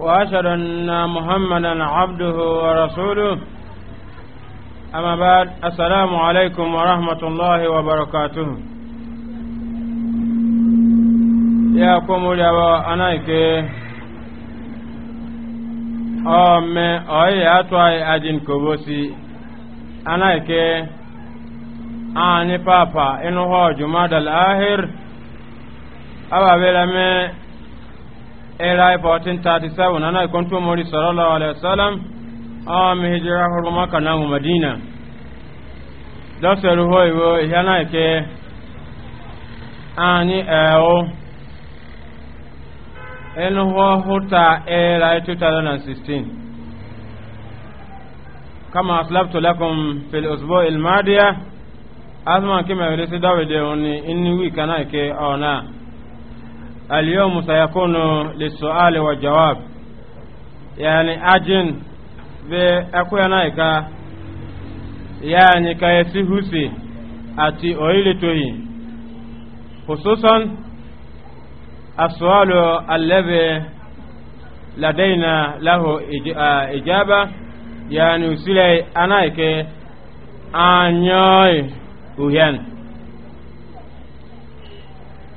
وأشهد أن محمدا عبده ورسوله أما بعد السلام عليكم ورحمة الله وبركاته يا قوم يا أنايك أم أي أتواي أجن كبوسي أنايك أني بابا إنه هو جماد الآخر أبا بلمي era 1437 ana ikontu mori sallallahu alaihi wasallam am hijra huruma kana madina da seru hoyo yana ke ani eo enu ho huta era 2016 kama aslabtu lakum fil usbu' al madiya Azman kima yurisi dawide oni inni wi kana ke ona اليوم سيكون للسؤال والجواب يعني أجن بأكوية نايكا يعني كيسي هوسي أتي أويل توي خصوصا السؤال الذي لدينا له إجابة يعني وسيلة أنايك أنيوي وهين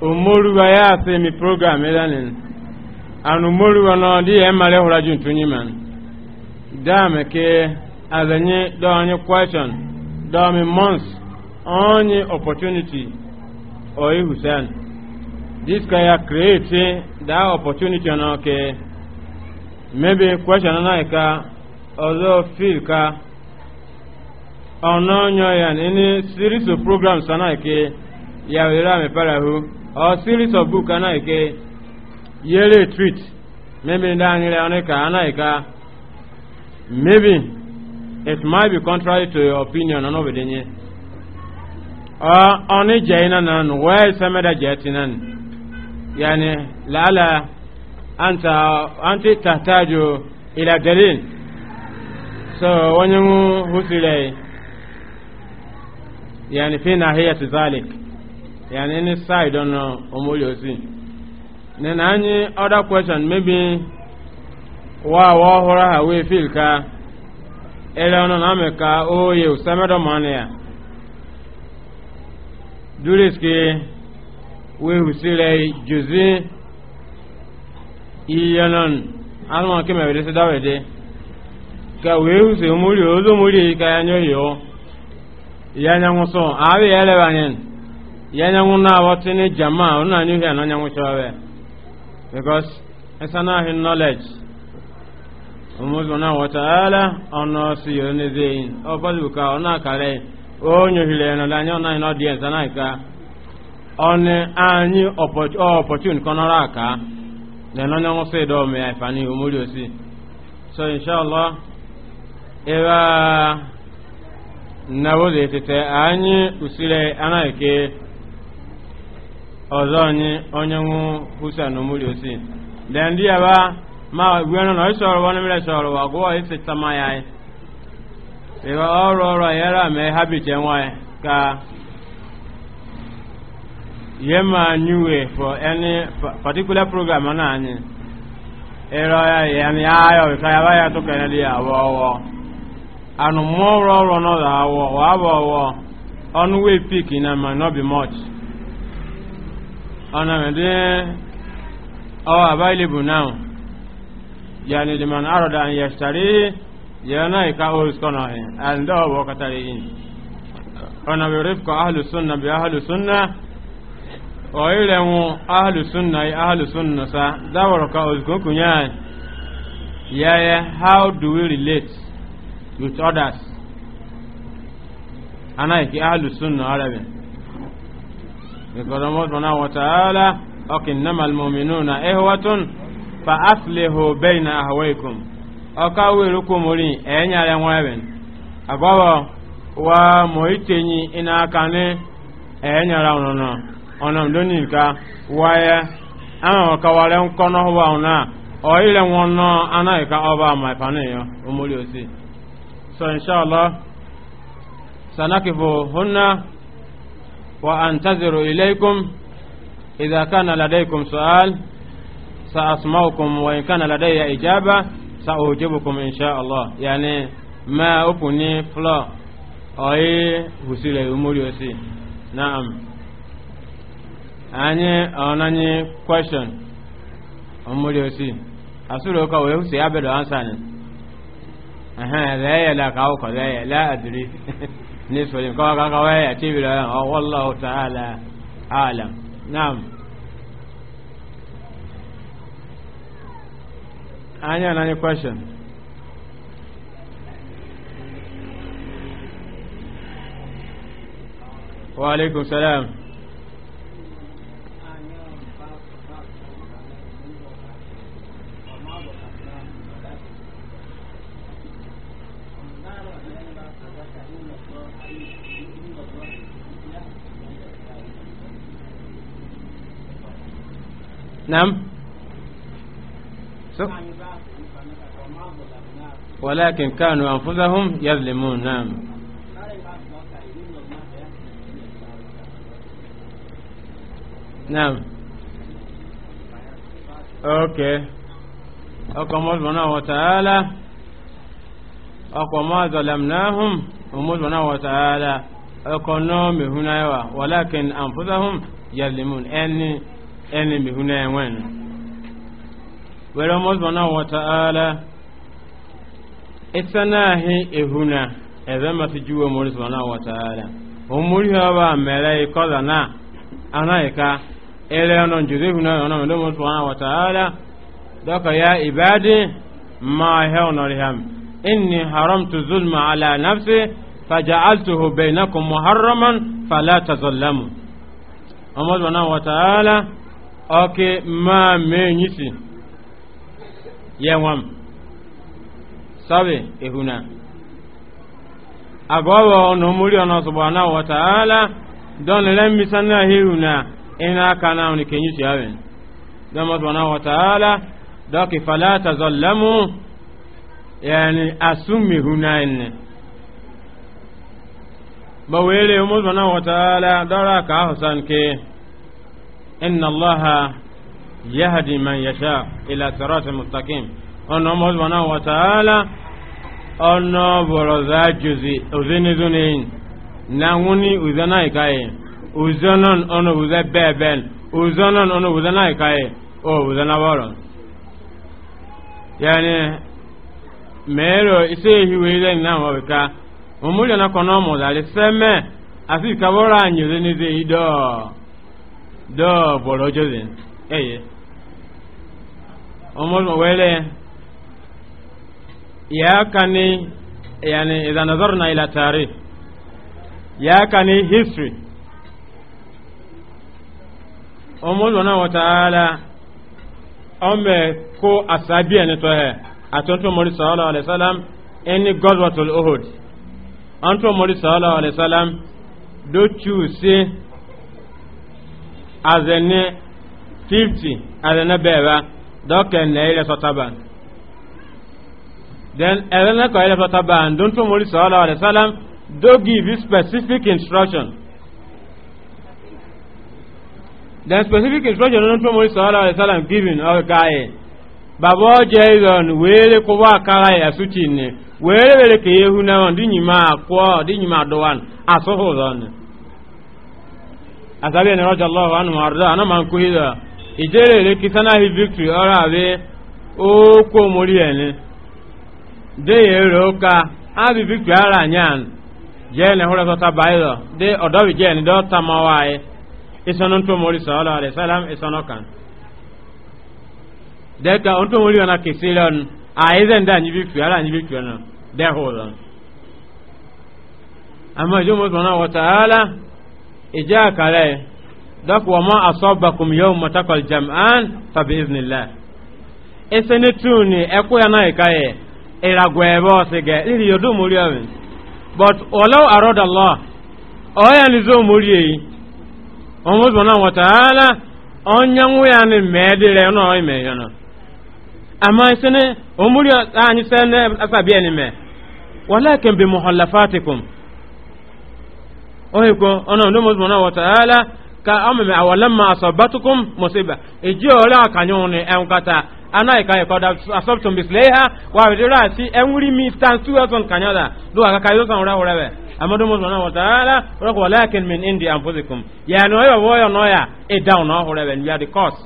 umoruwa ya se mi program ilanin e an umoruwa no di e mare hura jun tunyi man da me ke azanye do onye question do mi months onye opportunity oyi husan this ka ya create da opportunity no ke maybe question na e ka ozo feel ka ọ̀nà ya yà ní series of programs sanáà ike e yàwèrè àmì parahu or series of book anaike yearly treat maybe ndangire onika anaika maybe it might be contrary to your opinion ono bedenye uh, oni jaina nan where sameda jatinan yani lala anta anti tahtaju ila dalil so mu husile yani fi nahiyati dhalik ya yani ni side ono uh, omoliosi nene anyị other question maybe wa awa hora ha we feel ka ele ono na ka oye ye usamedo mane ya duris ke we husire juzi iyanon alma ke me wede se dawede ka we huse omoli ozo omoli ka yanyo yo yanya nguso awe ele banyen yanyanwụ na-awọtịnị jama ụnụ anyị hịa na anyanwụ chọwe because ịsana ahị knowledge ụmụzụ na awọta wọtaala ọnụ si yọrọ n'ezi eyi ọ bọzụ ka ọ na-akarị onye ohiri ya n'ọdị anya ọnaghị n'ọdịensị anaghị ka ọnụ anyị ka ọpọchun kọnọrọ aka na anyanwụ si dọọ mee ya ifani omori osi so inshallah a na wọzụ etete anyị usire anaghị ke ọzọ anyị onye nwụ husen muri osi den di aba ma gwenu na isoro wonu mere soro wa go isi tama ya e ba ọrụ ọrụ yara me habit nwa ka yema nyuwe for any particular program na anyị ero ya ya ni ayo ka ya ba ya to ya di awo awo anu mo ro ro no da wa awo awo onu we pick na ma no be much ọ̀nàmìdí available now yani arada an yana ka o and katari in ona bi rifqa ahlu sunna bi ahlu sunna o ile mu ahlu sunna ahlu sunna sa ka ya ya how do we relate with others ìkọ̀dọ̀mọ́ sọ̀nà wọ̀tàálà ọkìn náà na ehwatun fa na ahawaikum ọka wíru kú múrí ẹ̀yìn ara wọn ẹ̀bẹ̀ àbọ̀bọ̀ wa mọ̀ ìtẹ̀yìn iná aka ní ẹ̀yìn ara wọn náà ọ̀nà lónìí ka ama so sanakifu وأنتظر إليكم إذا كان لديكم سؤال سأسمعكم وإن كان لدي إجابة سأجيبكم إن شاء الله يعني ما أبني فلا أي وسيلة أمور يسي نعم أني أناني question أمور يسي أسولو كوي وسي أبدو أنسان أها لا يلا كاو لا أدري nisfin kawai kakawai ya ce bila yan wallahu ta'ala alam na'am any and any question wa alaikum salam نعم سو. ولكن كانوا أنفسهم يظلمون نعم نعم أوكي أقوى سبحانه وتعالى أقوى ما ظلمناهم أمور سبحانه وتعالى أقوى نوم هنا ولكن أنفسهم يظلمون أني ẹni mihuna ẹwọn wẹrẹ ọmọdún náà wọta ala ẹsẹ náà hí ehuna ẹbẹ ma ti juwe ọmọdún náà wọta ala ọmọdún yóò bá mẹrẹ ikọlá náà anáyíká ẹrẹ ọ̀nà jùlọ ehuna ọ̀nà ọmọdún náà wọta ala dọkọ ya ìbáàdì máa hẹ ọ̀nà rẹ̀ hàm inni haramtu zulma ala nafsi faja'altuhu bainakum muharraman fala tazallamu ọmọdún náà wọta ala. oke maa mee nyisi yenwam sabe ehuna na no muri ona na wa ta'ala don lem misana hiuna na kana ni kenyisi awen don subhanahu wa ta'ala doki fala tazallamu yani asumi huna inne bawele subhanahu wa dọrọ aka ka hasan nke. إن الله يهدي من يشاء إلى صراط مستقيم أن الله سبحانه وتعالى أن برزا جزي أذن ذنين نعوني أذنا إكاي أذنن أن أذن بابن أذنن أن أذن إكاي أو أذن ورا يعني mẹ́rọ iṣẹ́ ìhìwé ilẹ̀ ní àwọn ọ̀rẹ́ká òmúlẹ̀ náà àti ìkàwọ́rọ̀ ìdọ́ọ̀. dɔɔ bɔrɔ jɔlen ɛyɛ ɔmɔdun wɛlɛ yaa kani yani idanazɔr na ila taari yaa kani history ɔmɔdun na wataala ɔmɛ ko asabiya ni tɔhɛ atontun mori sɔɔlɔ salam. ɛni gɔdwatul ohod ɔntun mori sɔɔlɔ salam. do tuu see. azene 50 azene beba doke ne ile sotaba then azene ko ile sotaba and don't mori sallallahu alaihi wasallam do give you specific instruction then specific instruction don't mori sallallahu alaihi wasallam giving or guy baba ọjọ ịzọn were kwụwa akara ya suchi ne were were ka ehu na ndị nyima kwụọ ndị nyima dụwan asụhụ ụzọ ne asabi eni rajo allah anu marda ana man ku hida ijere le kitana hi vitri ara abi o ko mori ene de eroka abi victory ara nyan je ne hora so ta baido de odo wi je ne do ta ma wae isono to mori sala de ka onto mori ona kisilon a izen da anyi vitri ara anyi vitri na de hora amma jomo sona wa ta'ala ija kale dok wa ma asabakum yawma taqal jam'an fa bi idhnillah esene tuni ya na ikaye iragwebo gaa iri yodu but walau arada allah oya yi ya ni medire no ime yono ama esene omuri anyi sene afa bi ohe ko ono ndo mo subhanahu wa ta'ala ka amame awalamma asabatukum musiba eji ola kanyon ne enkata ana ika ko da asabtum bisleha wa bidira si enwuri mi tan tu kanyada do aka kayo san ora ora be amadu mo subhanahu wa ta'ala ora ko walakin min indi anfusikum ya no yo boyo no ya e down no ora be ya the cause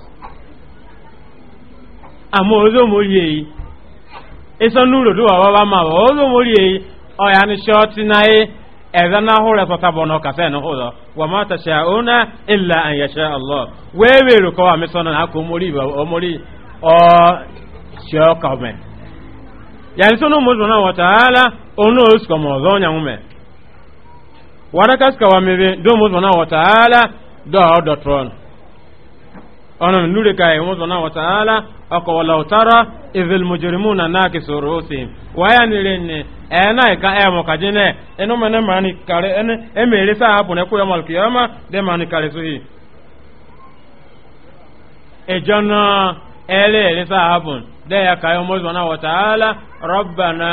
amo ozo mo yi eso nuro do wa wa ma ozo mo yi o ya ni short na e ezana hore sota bono kase no hodo wa ma tashauna illa an yasha Allah wee we ro ko ame sona na ko mori ba o mori o sho ka me yani sono mo zona wa taala ono us ko mo zonya ume wara kas ka wa me do mo zona wa taala do do tron ono nure kai mo zona ọkọ̀ wọ̀lọ̀tara ìfẹ̀lmùjìrìmù na náàkì sọ̀rọ̀ òsì wáyà nílé ní ẹ̀ẹ́nà ìka ẹ̀mọ̀ kàjí náà ẹnu mẹ́ni mẹ́ni kàrí ẹni ẹ̀mẹ̀rẹ́ sáà àbùn ẹ̀kú yọmọ kìyọ́mà dé mẹ́ni kàrí sóyè. ìjọ náà ẹ̀ẹ́lẹ́ ẹ̀rẹ́ sáà daya kayo mo subhanahu wa ta'ala rabbana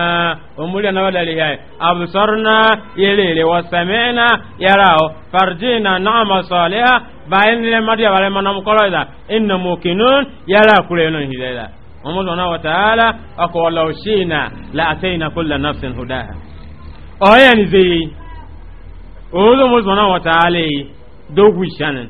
umuri na wala lihai absarna yelele wa sami'na yarao farjina na'ma salihah bayan le madiya wala manam koloida inna mukinun yara kulenon hidayah mo subhanahu wa ta'ala ako wala ushina la ataina kulla nafsin hudaha oya ni zeyi ozo mo subhanahu wa ta'ala dogwishanan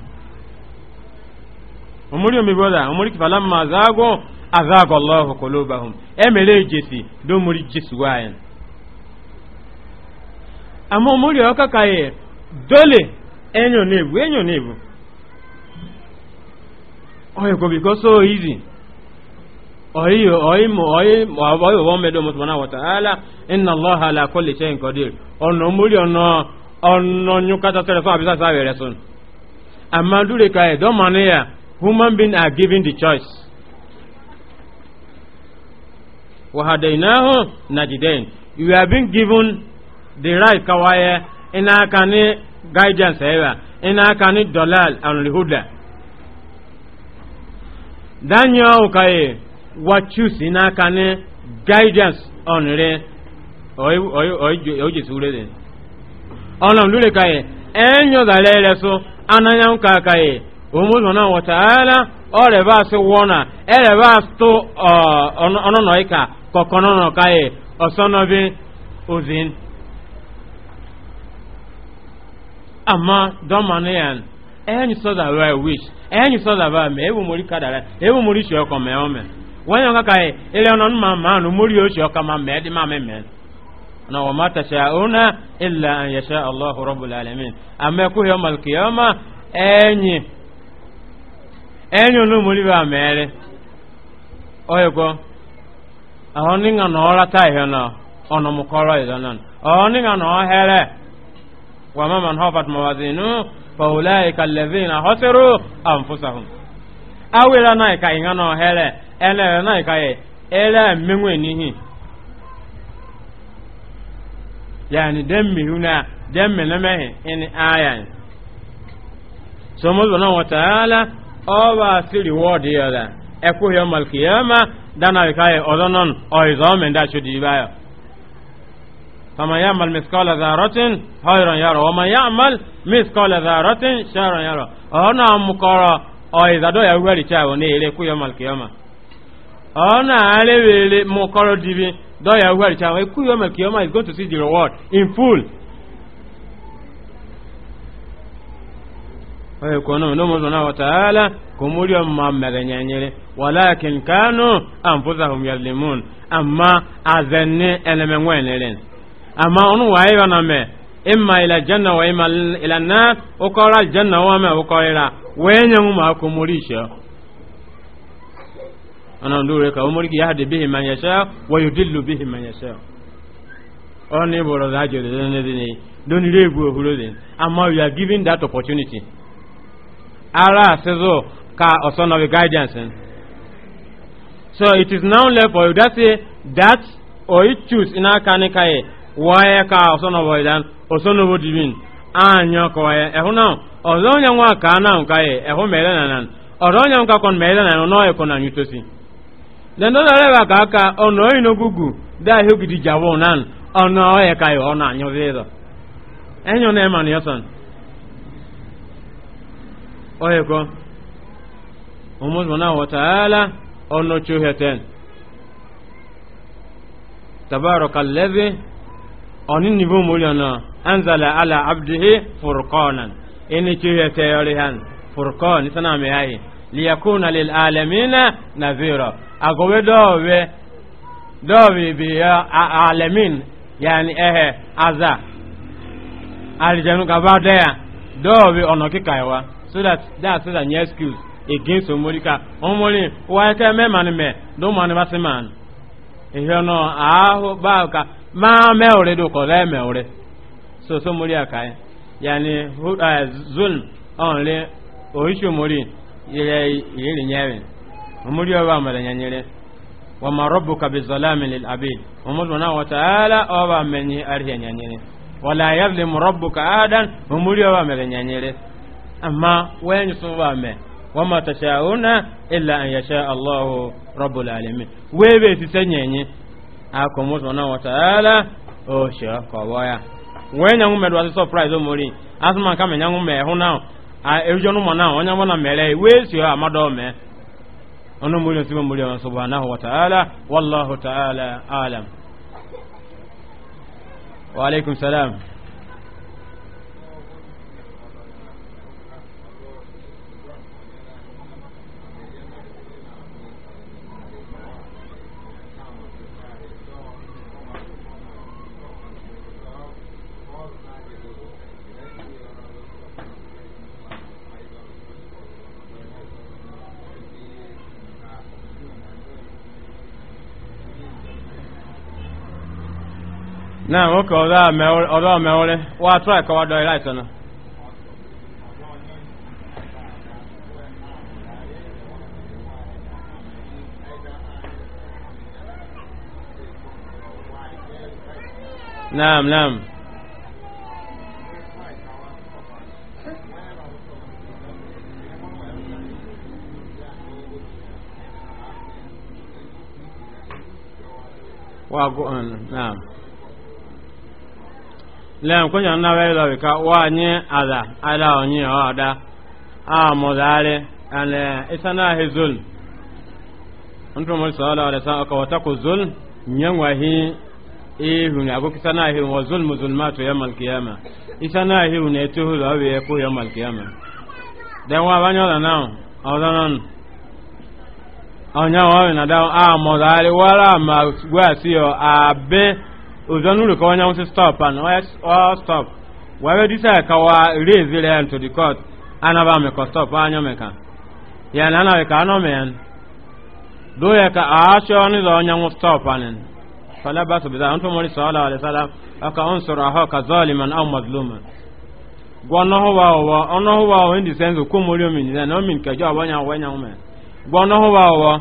omuli omibola omuli falamma zaago azaaga allahu kulubahum emere ejesi do muri jisuwaye ama omuli okakaye dole enyo nebu enyo nebu oyo ko because so easy oyo oyi mo oyi oyo wo medo mo subhanahu wa ta'ala inna allaha ala kulli shay'in qadir ono omuli ono ono nyukata tere so abisa sa bere sun ama dure kae do ya. human beings are given the choice. وهديناه نجدين you have been given the right kawaye ina kani guidance ewa ina kani dolal and huda Daniel, ukaye what choose ina kani guidance on re oy oy oy oje sure de ona lure kaye enyo da lele so ananya ukaye umuzona wataala ɔre baa se wɔna ɛrɛ baa to ɔnɔnɔ yi ka kɔkɔnɔnɔ ka ye ɔsɔnɔ bi ozin ama dɔmani yan sɔza wish ɛyɛni sɔza baa mɛ ewu mori ka da la ewu mori sɔ kɔ mɛ ɔmɛ wɔn ka ka ye ma maa nu mori yɛ sɔ kama mɛ ma mɛ mɛ na an amɛ kuhɛ malikiyama enyo no muri ba mere oyego ahoni nga no ora ta ihe na ono mukoro izo nan ahoni nga no here wa mama man hafat mawazinu fa ulaika alladhina khasiru anfusahum awela na ka inga no here ele na ka ye ele menwe nihi yani dem mihuna dem menemehe in ayan so mo wa ta'ala ọba si reward ya da ekwu ya mal kiyama dana bi kai odonon oizo men da shudi baya fama ya'mal mithqala dharratin khayran yara wa man ya'mal mithqala dharratin sharran yara ona mukara oiza do ya wari cha ne, ile ku ya mal O na ale wele mukara dibi do ya wari cha ku ya mal kiyama is going to see the reward in full kono no na zona wa taala ko muri amma mele nyanyere walakin kanu anfusahum yalimun amma azanne eleme ngwenelen amma onu waye wana me imma ila janna wa imma ila nar ukora janna wa me ukora wenye muma ko murisha ana ndure ka umuri yahdi bihi man yasha wa yudillu bihi man yasha oni boro da jere ne ne ni don rebu ohuro den amma you are giving that opportunity ara asizo ka osonobi guidance so it is now left for you that say that or you choose ina ka kaye waye ka osonobo idan osonobo Dibin anya ka waye ehu na ozo nya nwa ka na kaye ehu mere na nan ozo nya nka kon mere na no e na anyu tosi den do re ba ka ka ono ino gugu da hu gidi jawo nan ono e kaye ono anyo zezo enyo na emanu oye ko umu subhanahu wa ta'ala ono chuheten tabarakallazi oni nibu muliyana anzala ala abdihi furqanan ini chuhete yorihan furqan sana me hayi liyakuna lil alamina nadhira agowe dowe dowe bi ya alamin yani ehe aza aljanu gaba daya dowe so that that's so that any excuse against omorika omori why ka me man me do man ba se man ihe know. Ah, ba ka ma me ore do ko le eh, me ore so so mori aka yani uh, zulm on le oisho mori ile ile nyewe omori wa ma le nyanyere wa ma rabbuka bi zalamin lil abid omori na wa taala o ba menyi arhe nyanyere wala yazlimu rabbuka adan omori wa ma le oh, nyanyere amma wayan sun ba me wa ma illa an yasha Allah rabbul alamin be ti sanyenye akọ mo sona wa taala o she ko wayan surprise o mori asma ka me nyangu me ho a ejo no mo onya na mere si ha amado me ono mori si mo mori subhanahu wa taala náà ó kọ ọ̀dọ́ mẹ́wọ́rẹ́ wọ́n á tún ẹ̀kọ́ naam naam wa go on naam lẹ́yìn kúnyà náà wẹ́rẹ́ lọ wíká wà ní àlà àlà òní ọ̀ọ́dá àmọ̀dáre ẹ̀lẹ́ ìsáná hezol ntúmọ̀ sọ́ọ́lá ọ̀dẹ̀sán ọkọ̀ wọ́tàkù zol nyẹ́wàhí ihun agogo ìsáná ihun wọ́n zol mùsùlùmá tó yẹ malkiyama ìsáná ihun ètò hùlọ ọ̀wẹ̀ yẹ kó yẹ malkiyama. dẹ́wọ́n náà ọ̀nyá wọ́n wọ́n ozanulu ka onye nwụsị stop and all stop were disa kawa raise rent to the court anaba mekọ stop anya meka ya na anaghị ka anọ mee do ya ka aasị ọnụ ịzọ onye nwụ stop anị falaba sobida ntụ mori sọọla alisala ọka ọ nsọrọ ahụ ka zọliman ọ mazluma gwọ ọnọhụwa ọwọ ọnọhụwa ọwọ ndị sense okwomori omi nile na omi nke jọ ọbọ nya ọwọ nya ume gwọ ọnọhụwa ọwọ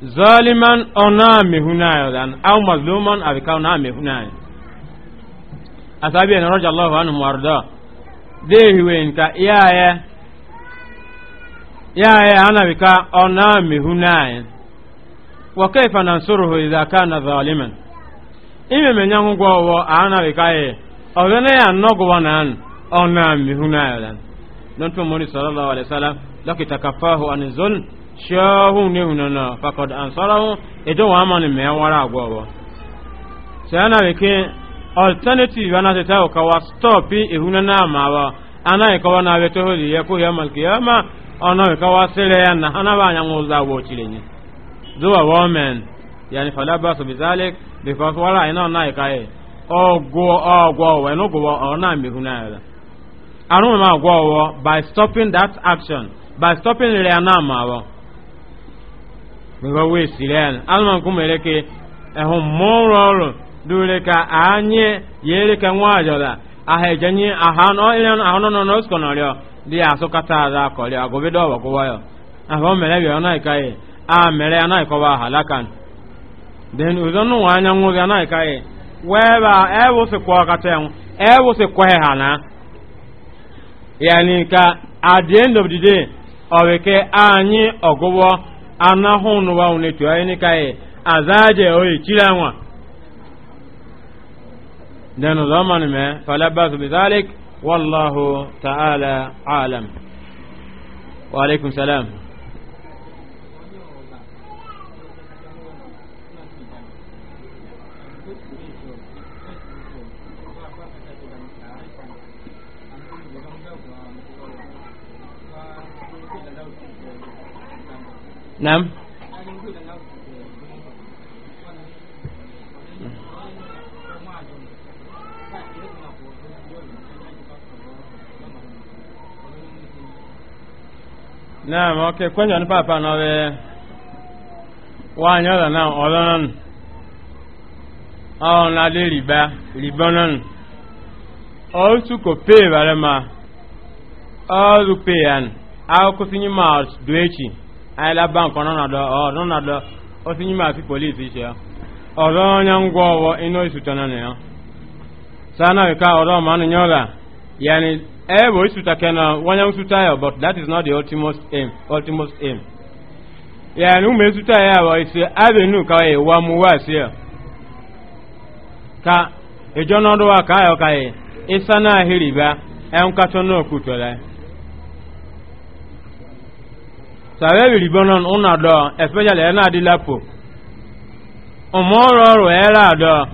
zaliman ona mehunayo dan aw mazluman abi e ka ona mehunayo asabi en roja allah anhu warda dehi wenka yaya yaya e, ana bi ka ona na nsoro kayfa nansuruhu aka na zaliman ime menyangu gwo ana bi ka ye ogene ya na wanan ona mehunayo dan don to moni sallallahu alaihi wasallam lakitakafahu an zulm shahun ne hunana fakad ansarahu ejo wa man me wara agwo sana weke alternative ana teta ka wa stop e hunana ma ana ka na we to holi ko ya mal kiyama ana sele ya na ana ba za wo chilenye do wa woman yani so wala na ogwo ogwo we no ona hunana ma by stopping that action by stopping le ana mgbe wee siri ya alụma nkume ke ehun mụrụ ọrụ dure ka anyị yere ka nwa ajọla aha ejenyi ahan ọhịa ahụnụ nọ n'osukọ nọrịọ dị asụkata ada akọrịọ agụbido ọwa kwụwa ya ahụ mere bịa ọnaghị ka ya a mere anaghị kọwa halakan then ụzọ nnụnwa anyanwụ gị anaghị ka ya wee ba ewụsịkwa ọkata ya ewụsịkwa ha na yani ka at the end of the day ọ bụ ke anyị ọgụwọ ana hunu wa ne to ayini kai azaje o ikira wa dan zaman me falabas bizalik wallahu ta'ala alam wa alaikum salam نعم naam ok question papa na ọbẹ nwaanyị ọla na ọlọ nọ ọ na adị riba riba nọ otu ko pee bare ma ọrụ pee ya akụkụ sinye ma do echi ayela bank ọnọ na dọ osi nyime asi polisi iche ọzọ onye ngwa ọwọ ino isutana na ya na e ka ọzọ ma anụ nyola yani ebo isuta na wanya nsuta ya but that is not the ultimate aim ultimate aim ya wa ise avenue ka e, ya ka sabe biri bonon una do especially ena di lapo umoro ro era do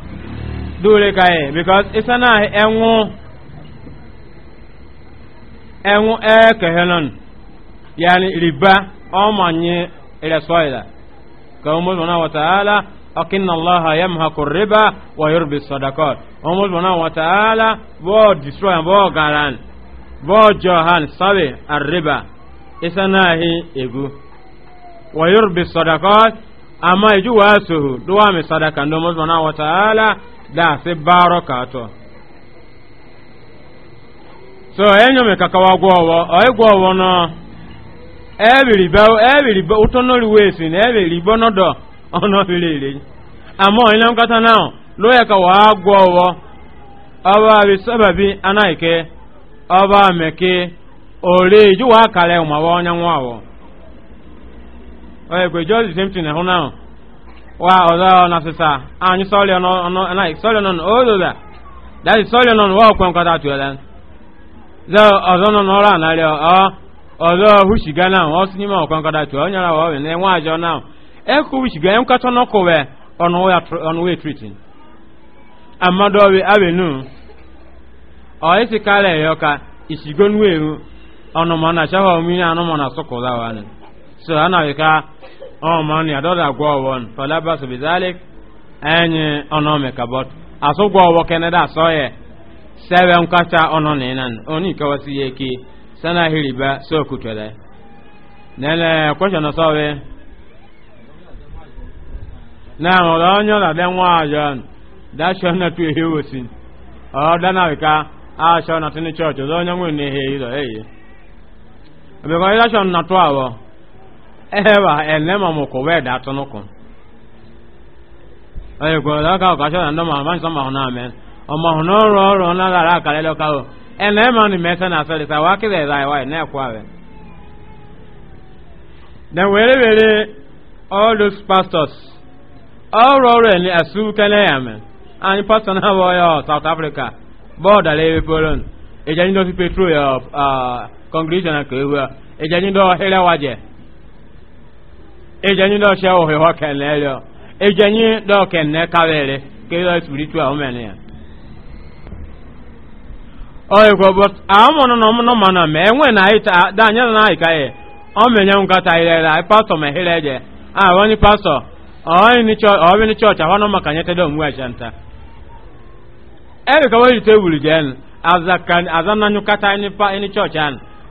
dure kai e, because isana enwu enwu e kehenon yani riba o manye ila ka umu subhanahu wa ta'ala akin allaha yamhaku riba wa yurbi sadaqat umu subhanahu wa ta'ala bo destroy bo garan bo johan sabe arriba isanahi egu wa yurbi sadaqat amma iju wasuhu duwa mi sadaka ndo mozmana wa ta'ala da se baraka to so enyo me kakawa gwowo oyi gwowo no ebiri ba ebiri ba utono liwesi na ebiri bono do ono bilele amma ina mkata nao lo ya ka wa gwowo aba bi sababi anaike aba meke ole ju wa kale ma wa onya nwa wo oye kwe just the same thing ho now wa na sisa anyi sori na sori no o da that is sori no wa kwen kwata tu zo no no ra na le o ozo hu shiga na o sini ma kwen kwata tu onya ra na nwa ajo na e ku hu shiga en kwato no ko we ono ono we treating ọnụ na chawa omini anụ na sọkụla wani so ana wika ọ mani adọda gwa ọwọn falaba so bizalik enyi ọnụ mekabọt asụ gwa ọwọ asọ ya sebe nkacha ọnụ na inan oni kawasi ya eke sana hiriba so kutere nene kwesịọn sọwe na ọrụ onye ọrụ adị nwa ajọ dashọ na tu ehi wosin ọ dana wika a shọ na tinye chọọchị ọzọ onye nwere na ehi ịlọ eyi because election na two hour ever enema moko where that no ko ayo go da ka ka sha ndo ma man sama hona men o ma hono ro ro na la ra ka le lo ka o enema ni se na so sa wa ke da wa na kwa we then where where all those pastors all ro ni asu kana ya men and pastor na wa ya South Africa border le polon e jani do petrol ya uh, conclusion ka ewu ejenyi ndo ohere waje ejenyi ndo she ohe ho kenle yo ejenyi ndo kenle kawere ke yo spiritual woman oye go but amono no no mana me enwe na ita danyel na ika ye ile la pastor me je ah pastor ni church ni church makanyete do ebe ka pa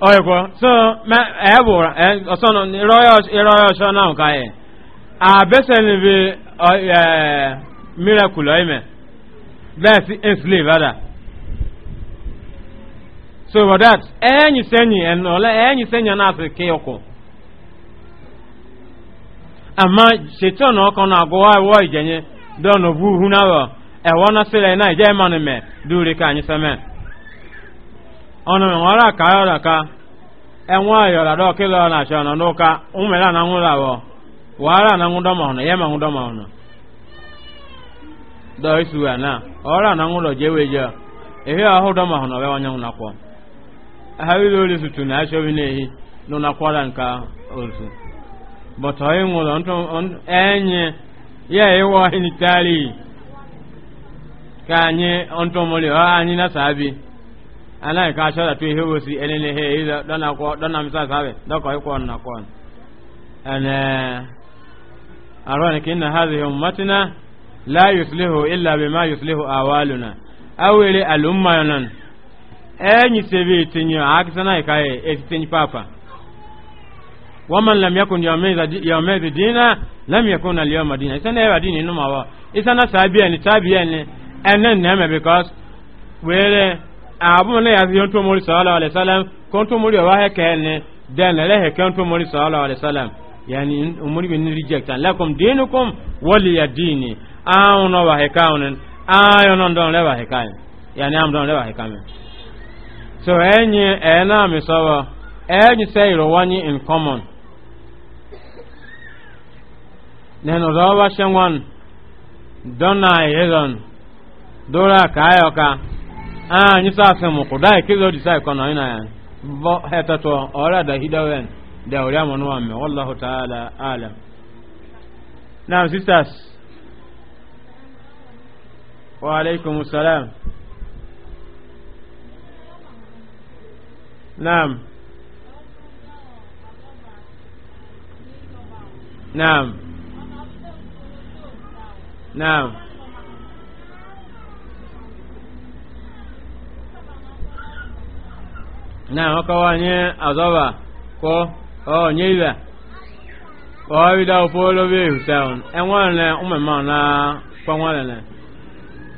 oyiko so me ebura eh, eh, osono iroyo iroyo shona ukaye a besen bi eh miracle oime that's in slave ada so for that enyi eh, senyi en ole enyi senyi na se kiyoko ama shetan oko na agwa wo ijenye don obu na wo e wona na je manu me duri ka anyi seme ọnụ nwara ka e ayọrọ ka enwe ayọrọ dọ kịlọ na achọ nọ n'ụka ụmụrụ na nwụrụ abụọ wara na nwụdọ ma ọnụ ya ma nwụdọ ma ọnụ dọ isu ya na ọra na nwụdọ jewe jọ ehi ahụ dọ ma ọnụ ọbịa onye nwụnakwọ e ha bịa olu sutu na achọbi na ehi n'ụnakwara nke ozu bọtọ ịnwụrụ enyi ya ịwọ ịnitari ka anyị ọ anyị na sabi ana ka shara tu hewo si elele he ida dona ko dona misa sabe doko ko na ko ana arwana kinna hadhihi ummatina la yuslihu illa bima yuslihu awaluna awele alumma nan enyi sebe tinyo akisana ikaye etitinyi papa waman lam yakun yawmezi dina lam yakun alyawma dina isana ewa dini numa wa isana sabiya ni tabiya ni enen neme because were abu ne ya ziyon to muri sallallahu alaihi wasallam kon to muri wa heke ne den le heke to muri sallallahu alaihi wasallam yani umuri bin reject an lakum dinukum wali ya dini awu no wa heka onen ayo non don le wa heka yani am don le wa heka me so enye ena mi sawa enye say ro wani in common nenu wa shengwan dona yedon dora kayoka aa ah, nyi saa sɛ moko daa ekezo di saa ikɔnɔ ina yan bɔ hɛtɛtɔ ɔra da hida wɛn da ori ama no wamɛ wallahu taala alam naam sisters wa alaikum naam naam naam na ọkọwa nye azọba ọ onye ibe ko ida ofolo be husaun enwanle umema na kwanwalele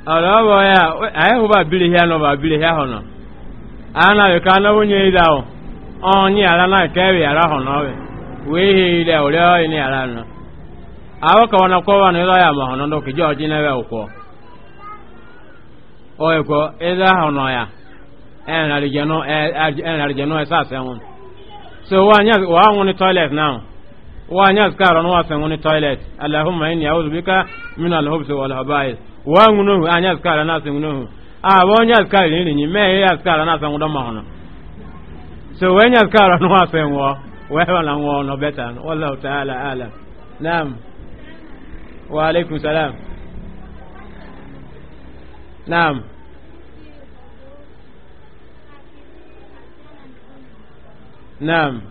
ọ ya ayẹ́wò bá bílẹ̀ hẹ́ lọ́wọ́ bílẹ̀ hẹ́ hàn án àwẹ̀ ká náwó nyẹ ìdá o ọ̀n ní ara ọ ẹn àlìjẹnú ẹn àlìjẹnú ẹsẹ àsẹwọn so wọn yẹn wọn ní toilet náà wọn yẹn sika àrùn wọn àsẹwọn ní toilet alahuma ẹni àwọn olùbíkà mina alahubisi wàlúhàbáyé wọn ń nuhu àwọn yẹn sika àrùn náà sẹwọn nuhu àwọn yẹn sika àrùn nìyí mẹ́ẹ̀ yẹn sika àrùn náà sẹwọn dọ́mọ̀ ọ̀nà so wọn yẹn sika àrùn wọn àsẹwọn wẹ́ẹ̀rọ làwọn ọ̀nà bẹ́tà naam wa salaam naam. Naam.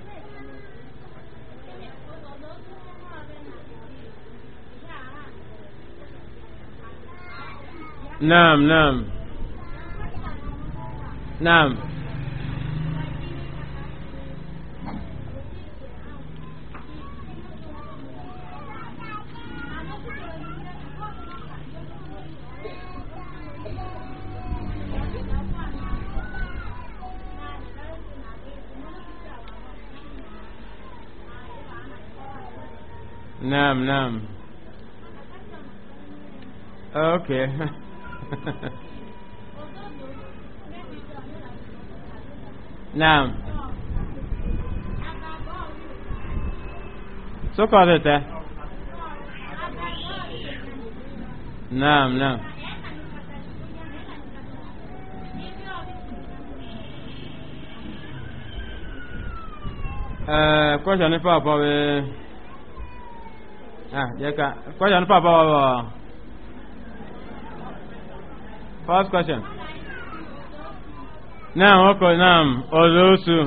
Naam, naam. Naam. naam naam okay naam sokɔ de tɛ naam naam. Uh, question if I probably Ah, jeka. Question papa baba. First question. Naam, oko naam. Ozusu.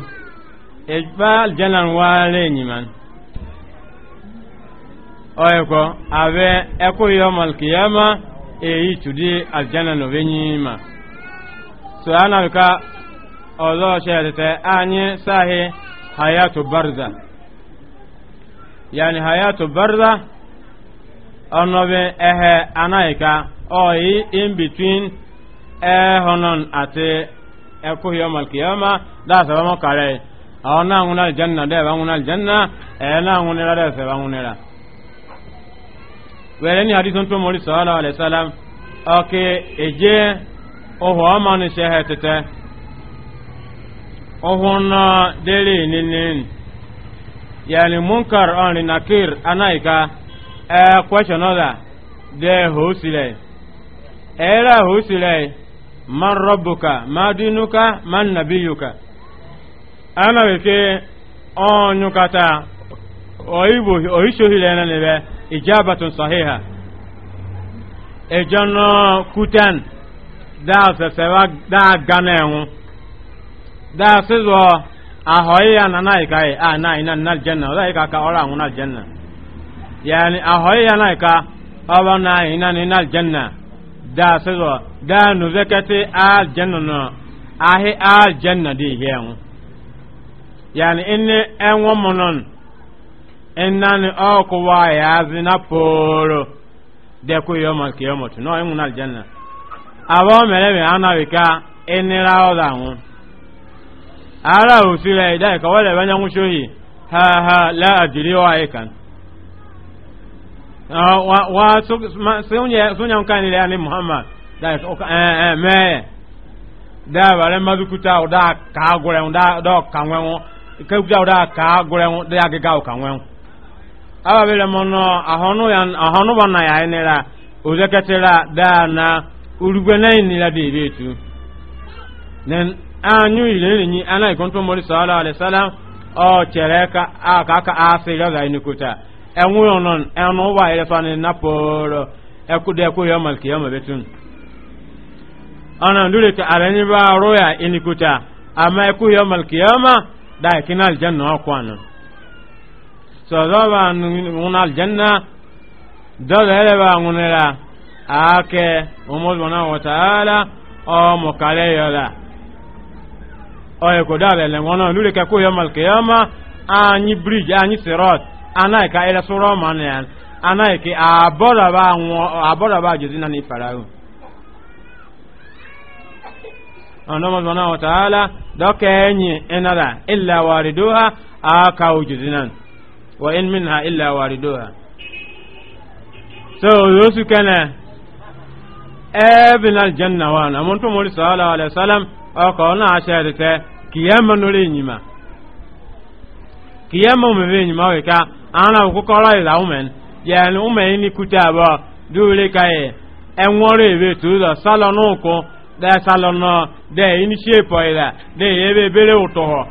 Ejba jalan wale nyiman. Oyeko, ave eko yomal kiyama eyi tudi aljana no venyima. So ana ka ozo shete anyi sahi hayatu barza. Yani hayatu barza ọnọbe ehe anaghịka oyi in between ehonon eh, ati ekuhi omal kiyama daasa bamo kare awo na ŋuna aljanna de ba ŋuna aljanna ee eh, na ŋunira de se ba ŋunira were ni hadithun to mori sallallahu alaihi wasallam oke eje ohu omani shehe tete ohu na deli ninin yani munkar on nakir anaika ee question ọda dee hoosile eera hoosile man robuka ma dinuka man nabiyuka ana weke onyukata oyibo oyisohile na nebe ijabatun sahiha ejono kutan daa sesewa daa gana enwu daa sizọ ahọyi ya na naika a na ina na janna ọda ika ka ọrụ anwụ na janna yani a hoye yana ka ọba na ni na da sizo da nu zakati no ahi di yani inni en wa ya zina poro de ku yoma kiyomoto no en aljanna mere me ana wika enira oda hun ara osire ida ka wale ha ha la wa ikan Ah, wa wa sunye sunye kan ile ani muhammad da o eh eh me da bare mazukuta o da ka gore o da do kanwe o ke guda o ka gore e o da ge ga o kanwe o aba bele mono ahonu yan ahonu bana ya enira o zeketira da na urugbe na inira de retu nen anyu ile ni ana ikonto mori sallallahu alaihi wasallam o chere ka aka aka asira ga inukuta enwuyo non enu wa ile fani na poro ekude ekuyo malki yoma betun ana ndure ta arani ba ya inikuta ama ekuyo malki yoma da kinal janna akwana so zaba ngunal na dole ele ba ngunela ake umul wana wa taala o mokale yola oye ko dale le ngono ndure ka ya malki yoma anyi bridge anyi sirat ana ka ila sura man yan ana ke abora ba abora ba jozina ni farao anoma zona wa taala doke nyi enara illa wariduha aka ujuzinan wa in minha illa wariduha so yosu kana ebin aljanna wa na muntu muri sallallahu alaihi wasallam o ko na ashadete kiyama nuri nyima kiyama umebe nyuma weka ana ukukoro ila umen yani umen ni kutaba dule kaye enworo ebe tuzo salo nuko de salo no de ini shepo ila de ebe bele utoho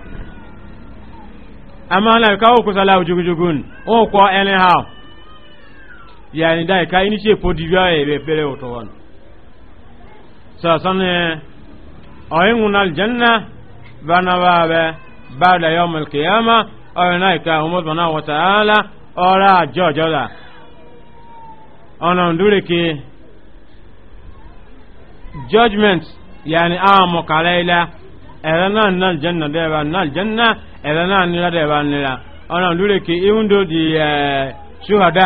ama na ka oku sala ujugujugun oko anyhow yani dai ka ini shepo divya ebe bele utoho sa sanne oyin unal janna bana babe ba'da yawm al-qiyamah ọ̀rẹ́nà ìka na náà wọ̀tà áńlá ọ̀rẹ́ àjọ ọ̀jọ́dà ọ̀nà ndúrèké judgment yàní àwọn mọ̀kàlẹ́ ilá ẹ̀rẹ́ náà ní aljanna dẹ́ẹ̀bà ní aljanna ẹ̀rẹ́ náà nílá dẹ́ẹ̀bà nílá ọ̀nà ndúrèké shuhada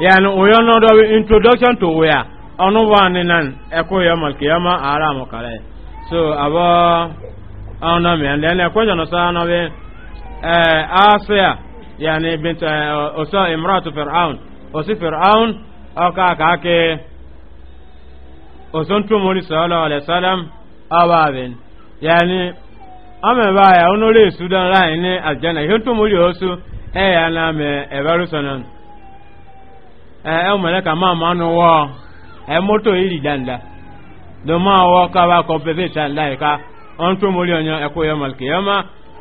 yani uyono do introduction to where onu wani nan eko ya malkiyama ara mo kare so abo ona mi and then ko jono sa no be eh asia yani bint eh, osa imratu fir'aun osi fir'aun aka ka ke oson to mo ni sallallahu alaihi wasallam awaben yani ame baya onore sudan line ni aljanna yon to osu e ya na me e ɛwumɛlɛ kama danda ka ɔntu mori ɔnyɔ ɛkó yɛ mɔliki yɛma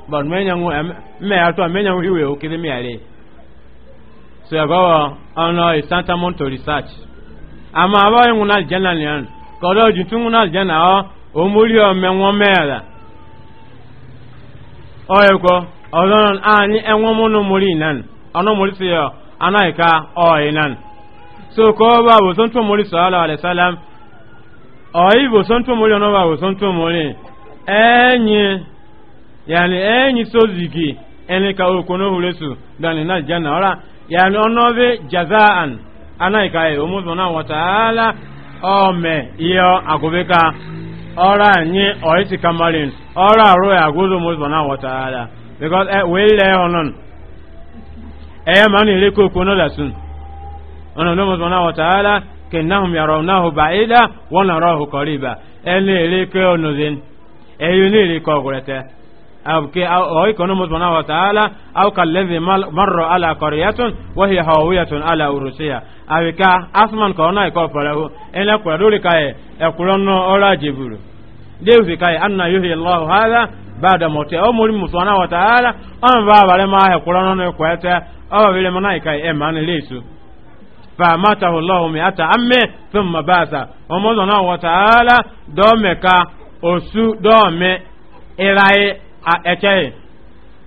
bɔn mɛ nyanwu mɛ yàtɔ mɛ nyanwu hiwe o kiri mi yàrá yi sɛgɔwɔ ɔnɔ isantamonto research ama abawo yɛ ŋun na jɛna nìyɛn kɔdɔ jutu ŋun na jɛna ɔ omori a ni ɛŋɔmɔ so ko ba bo son to mori sallallahu alaihi wasallam oyi bo son to mori ono ba bo son to mori enyi yani enyi so zigi ene ka okono hulesu dani na janna ora yani ono be jazaan ana ka e o mo zona wa taala o me iyo agobeka ora nyi oyi ti kamarin ora ro ya gozo mo zona wa taala because e we onon e ma ni le ko okono lasun ọlọ́run ọmọ wa taala kìnnáhùn yàrá ọ̀nàhùn bàílà wọn nàrọ̀ ọ̀hùn kọ̀ríbà ẹni èrè kẹ́ ọ̀nà ọ̀zẹ́ ẹ̀yìn ní èrè kọ́ ọ̀gọ̀rẹ̀tẹ́ àbùkẹ́ ọ̀hìn kan ọmọ oikonu wa taala àwùkà lẹ́bí mọ́rọ̀ àlà kọ̀ríyàtún wọ́hìn hàwúyàtún àlà òrùsíyà àbíká asman kọ̀ọ̀nà ìkọ́ ọ̀pọ̀lẹ́hu ẹni ẹkùrẹ́ lórí káyẹ̀ ẹkùrẹ́ ọ̀nà ọ̀rọ̀ àjẹbùrù léwu fi káyẹ̀ anna yóò yẹ lọ́hùn hàlá báda mọ̀tẹ́ ọmọ orí musu ọ̀nà wa taala ọmọ bàbá rẹ máa ẹkùrẹ́ ọ̀nà ẹkùrẹ́ فماته الله مئة عام ثم بعث ومضنا وتعالى دومك أسو دوم إلهي أتي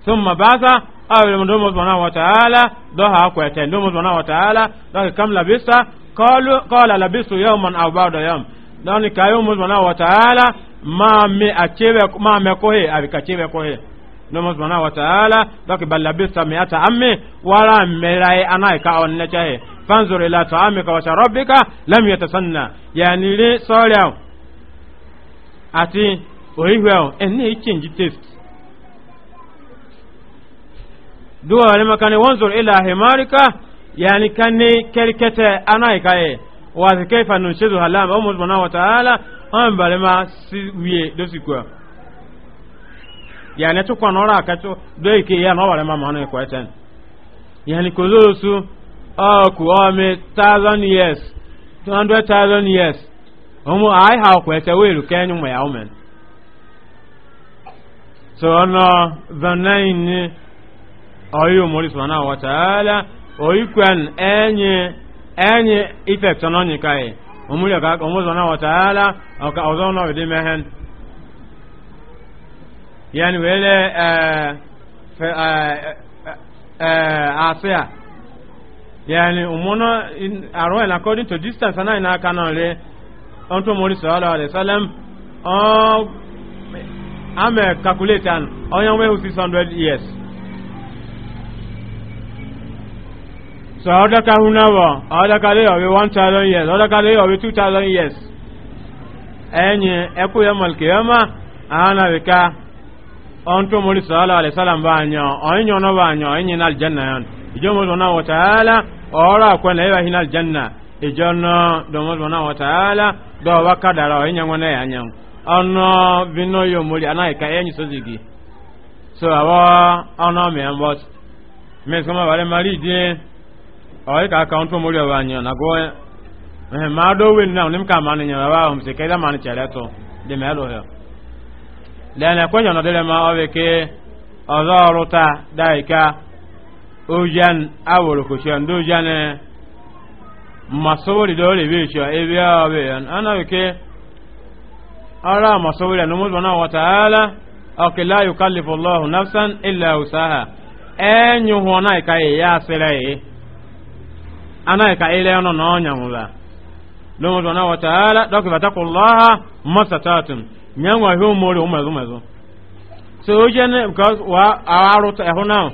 ثم بعث أول من دوم سبحانه وتعالى دوها أكوتي دوم سبحانه وتعالى لكن كم لبست قالوا قال لبست يوما أو بعد يوم دونك يوم سبحانه وتعالى ما مي أتيبك ما مكوهي أبي كتيبكوهي nomo subhanahu wa ta'ala doki balla bisa mi ata amme wala melaye anai ka on lechahe fanzur ila ta'amika wa sharabika lam yatasanna yani le sorya ati oyiwe o enne e change taste duwa ne makane wanzur ila himarika yani kanne kerkete anaikaye wa kaifa nunshizu halama umu subhanahu wa ta'ala an balema si wiye kwa yani tukwa nora akacho doike ya no balema manu ikweten e yani kozoro su ọkụ ọmị 1000 years 200,000 years ụmụ anyị ha kwete e welu kenyu ụmụ ya umen so ọnọ vanayin oyi umuri subhanahu wa ta'ala oyi kwen enyi enyi effect ọnọ nyi kai umuri e. ọka umuri subhanahu wa ta'ala ọka ọzọ ọnọ ọdị mehen yani wele eh fe eh eh, eh, eh yani umono aro and according to distance ana ina kana le onto mori sallallahu alaihi wasallam o ame calculate an oyan we 600 years so oda ka hunawa oda ka le owe 1000 years oda ka le owe 2000 years enye eku ya malkiyama ana bika onto mori sallallahu alaihi wasallam ba anyo onyo no ba anyo enye na aljanna yan ijomo sona wa ta'ala ora kwena ewa hinal janna ijono domo subhanahu wa ta'ala do kadara o nyangwa na yanyang ono vino yo muri anaika enyi so awa ono me ambot mes kama wale maridi o ka account mo ri abanyo na ma ka mse chere tụ ma na ma ojan awol ko chan do eh, masori do be cha e be an ana ke ara masori no mo bana wa taala la allah nafsan illa usaha enyu hona ka e ya sele ana ka ile no no nya mula no mo bana wa taala dok batakullaha masatatun nyangwa hu umazu mazu so ojan wa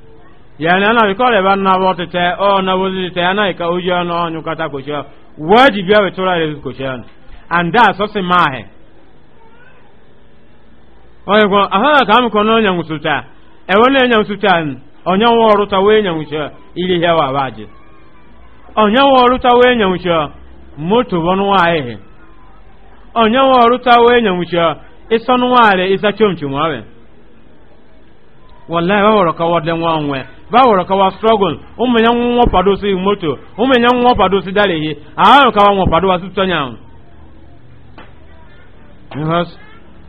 yani ana bikore banna bote te o na wuzi te ana ka ujo no nyu kata ko sha wajibi awe tora re ko sha and that so se mahe oye ko aha ka am ko no nyangu sulta e wona nyangu sultan onya woru ta we nyangu sha ili hewa baje onya woru ta we nyangu sha moto bonu onya woru ta we nyangu sha isonu wa re isa chomchum awe wallahi ba woro ka wadde nwanwe ba woro ka wa struggle umenya nwo pado si moto umenya nwo pado si dale yi aro ka wa nwo pado wa sutanya because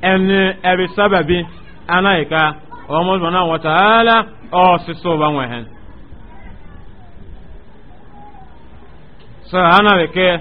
en every sababi anaika wa taala o si so ba nwe hen so ana beke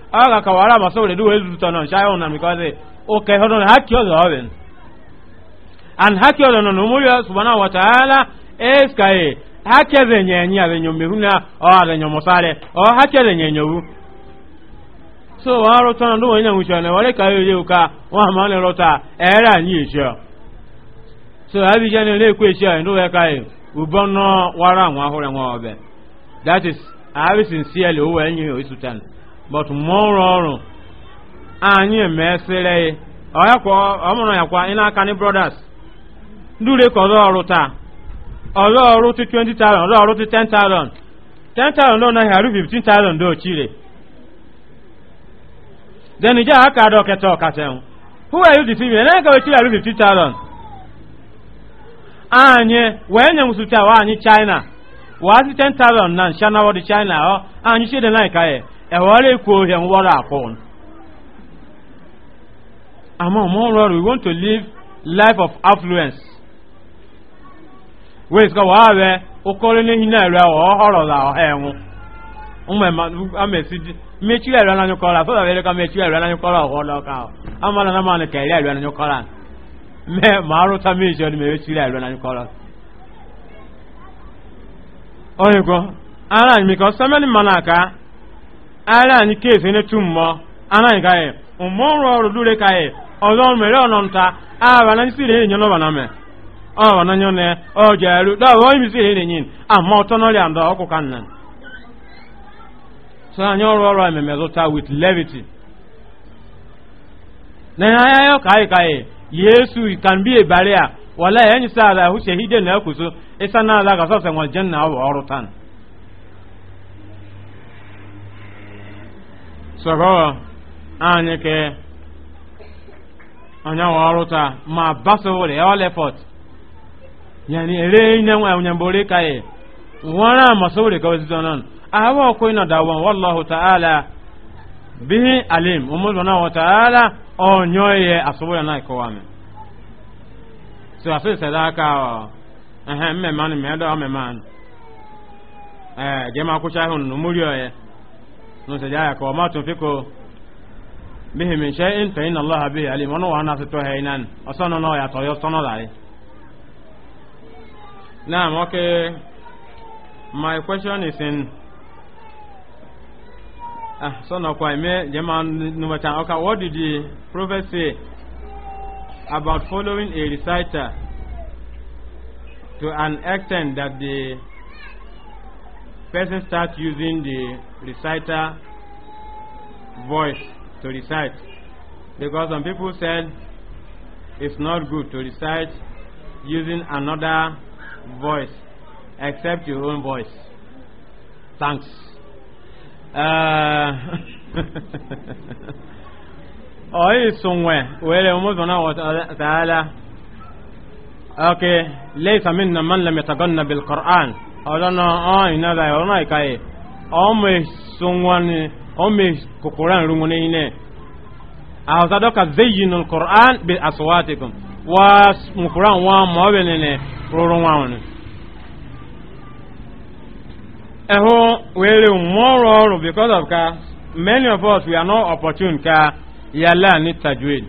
aga ka wara ba sawre duwe shayo na mi kaze hono na hakio do awen an hakio do no muya subhanahu wa ta'ala es kai e, hakia ze nyenyi ave nyombe huna o ave nyomosale o so waro wale e uka wa rota era nyi so jane le kwe e, ubono wara nwa that is i sincerely but mụrụ ọrụ anyị mesịrị ọmụrụ ya kwa brothers ndure ka ọzọ ọrụ taa ọzọ ọrụ ti 20,000 ọzọ ọrụ ti 10,000 10,000 lọ naghị arụ 15,000 dị ochire then ije aka adọ kẹta ọkasẹun who are you deceiving ẹ na-aka ochire arụ 15,000 anyị wee nye wa anyị china wa 10,000 na china ọ anyị chide ya ewere ikwu ohe nwọrọ akwụ ama mụrọrụ we want to live life of affluence wee sika wa awe ụkọrọ n'ehi na-ere ọ họrọ ọha enwu ụmụ amesi mechiri ere na nyụkọrọ afọ na ka mechiri ere na nyụkọrọ ọhụọ n'ọka amala na na ma na ọ ara anyị ara anyị keesi ne tu mmụọ anaghị anyị ya mmụọ ọrụ ọrụ dure ka ya ọzọ mere ọnọ nta aba na nsiri enyi n'ọba na me ọba na nyone ọjọ eru dọba onye misiri enyi ama ọtọ n'ọrịa ndọ ọkụ ka nna so anyị ọrụ ọrụ ememe zụta with levity na ya ya ka ya ka ya yesu kan bi ebare a wala ya nyi sa ala hu shehide na kuso isa na ala ga so se wal janna ọrụ tan sọgọ anyị ke onye wa ọrụ taa ma basowore all effort yani ere inye nwa onye mbori ka ye nwara masowore ka ozi zonon awa ọkụ ina dawon wallahu ta'ala bihi alim umudu na ala onyo ye asobo na ikowa mi so aso isada aka ọ ehe mmemme anụ mmemme ọdọ mmemme anụ ee jema akwụcha ahụ nụ muri ọye nusɛjɛ ayɛ kɔ ɔma tun fi ko bihi min shay'in fa inna allaha bihi alim ɔno wɔn ase to hɛyinan ɔsɔnɔ na ɔyɛ atɔyɔ sɔnɔ okay my question is in ah sɔnɔ kɔ ɛmɛ jɛma number ten okay what did the prophet say about following a reciter to an extent that the person starts using the reciter voice to recite because some people said it's not good to recite using another voice except your own voice. Thanks. Or is somewhere where almost on تعالى okay ليس منا من لم يتغنى بالقرآن أو لأنه آه إن هذا يرونيك ome sunwani ome kukuran rungune ine ahausa doka zayyinu alquran bi aswatikum wa mukuran wa mawenene rorun wa wani eho were more or because of ka many of us we are not opportune ka yala ni tajwid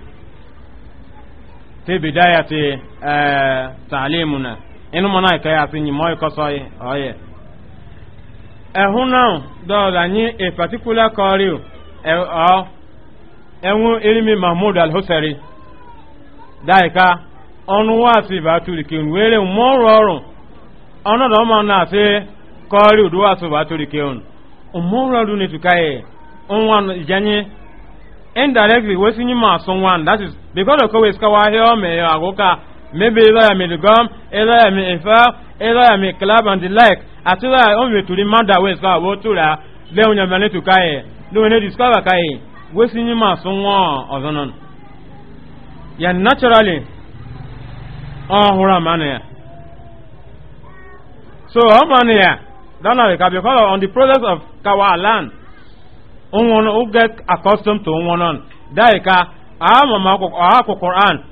fi bidayati uh, eh, ta'limuna inu mana ka ya sin moy oye oh, yeah. ehunau dọla nyi a particular kọrịl ọ enwu irimi mahmud al-husari daika ọnụ baturi keun were mmụọ ọrụ ọnọdụ ọma na-asị kọrịl duwaasị baturi keun mmụọ ọrụ netukaye indirectly that is because of maybe either I'm in the gum, either I'm in Ifa, either I'm in club and the like. At either I only to demand that way, so I will to that. Then when you're going to kaye then when you discover kaye we see you must someone or someone. Yeah, naturally. Oh, hurrah, man. So, how oh, many are? Don't know, because on the process of Kawalan, land one who get accustomed to one on. Daika, I'm a Quran.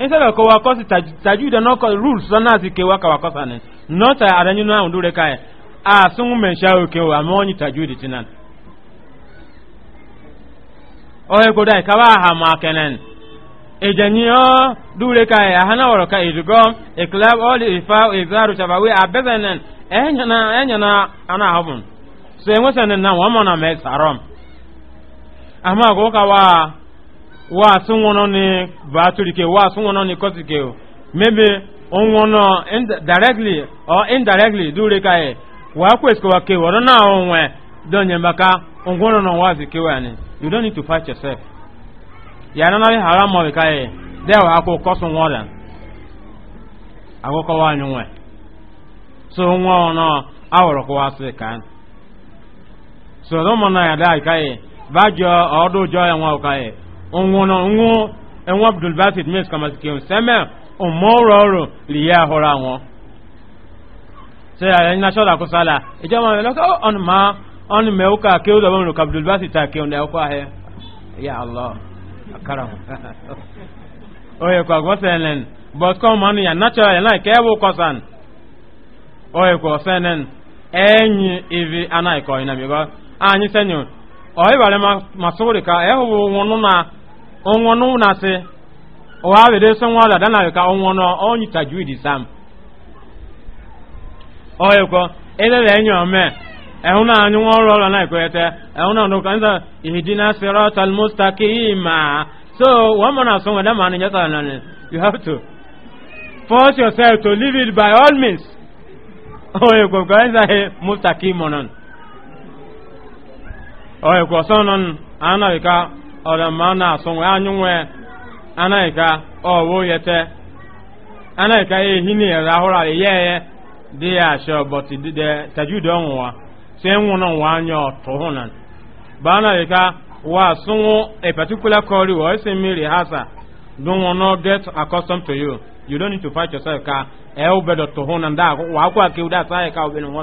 instead of kowa kosi tajwid and all rules sana si kewa kawa kosa ne not a adanyu na undure kai a sun men sha oke wa ma onyi tajwid tinan ohe ko dai kawa ha ma kenen ejanyi o dure kai a hana woro kai idugo e club all ifa izaru shabawi abezenen enya na enya na ana habun so enwesen na wa ma na me sarom amma go wa sun wono ni baturi ke wa sun wono ni kosi ke maybe on wono directly or indirectly dure kai wa kwes ko ke wono na onwe donye ka on wono no wazi ke wani you don't need to fight yourself ya na na haram mo kai there wa ko kosun wodan agoko wa nwe so nwa ono aworo ko wasi kan so do mo na ya dai kai bajo odo jo ya nwa kai onwono onwo enwa abdul basit mis kama sikiyo seme liye ahụrụ awon se ya na shoda ko sala ijo ma lo ko ma on me o ka ke o ka abdul ta ya alọ akara oye ko agbo but ko man ya natural na ke wo ko san oye ko enyi ivi ka na onwono na si o ha wede so nwa da na ka onwono onyi tajwid sam o yeko ele le enyo me ehun na anyu won ro ro na ikwete ehun na no kanza ihdina siratal mustaqima so wa mana so da man nyata na ni you have to force yourself to live it by all means o yeko kanza he mustaqim onon o yeko so non ana ka ọrịa mma na asọnwe anyụ nwe anaghịka ọwụ yete anaghịka ehi na ere ahụrụ ala ya e ya e, dị ya asọ bọtị dịde tajude ọnwụwa si enwu na ọnwụ anya ọtụ hụ na ba anaghịka wa asụnwụ a particular curry wa esi mmiri hasa dunwụ no get accustomed to you you don't need to fight yourself ka ewu bedọ tụ hụ na ndị akwụkwọ akwụkwọ aka ewu dị asa ahịka obi na ụwa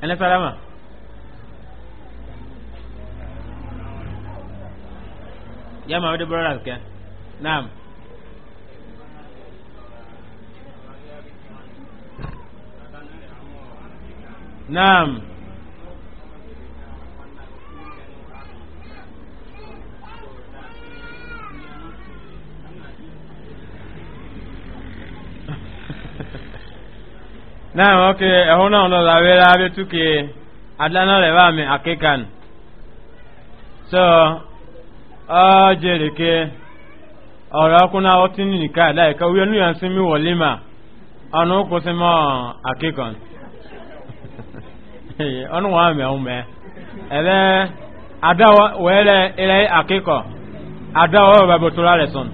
ẹni sálámà. ya ma wadda brothers ke naam naam Na ok ehuna ono da wera abe tuke adana le ba me akekan so a jereke ke ọ̀rọ̀ kuna ọtí nìka ẹ̀dá ẹ̀ka wíwẹ́ nù yàn sinmi wọlé mà ọ̀nà kò sí mọ́ akekan ọ̀nà wọn àmì ọ̀hún mẹ́ ẹ̀dẹ́ adáwọ̀ wẹ́rẹ́ ilẹ̀ akekọ̀ adáwọ̀ ọ̀rọ̀ bàbá tó rárẹ̀ sùn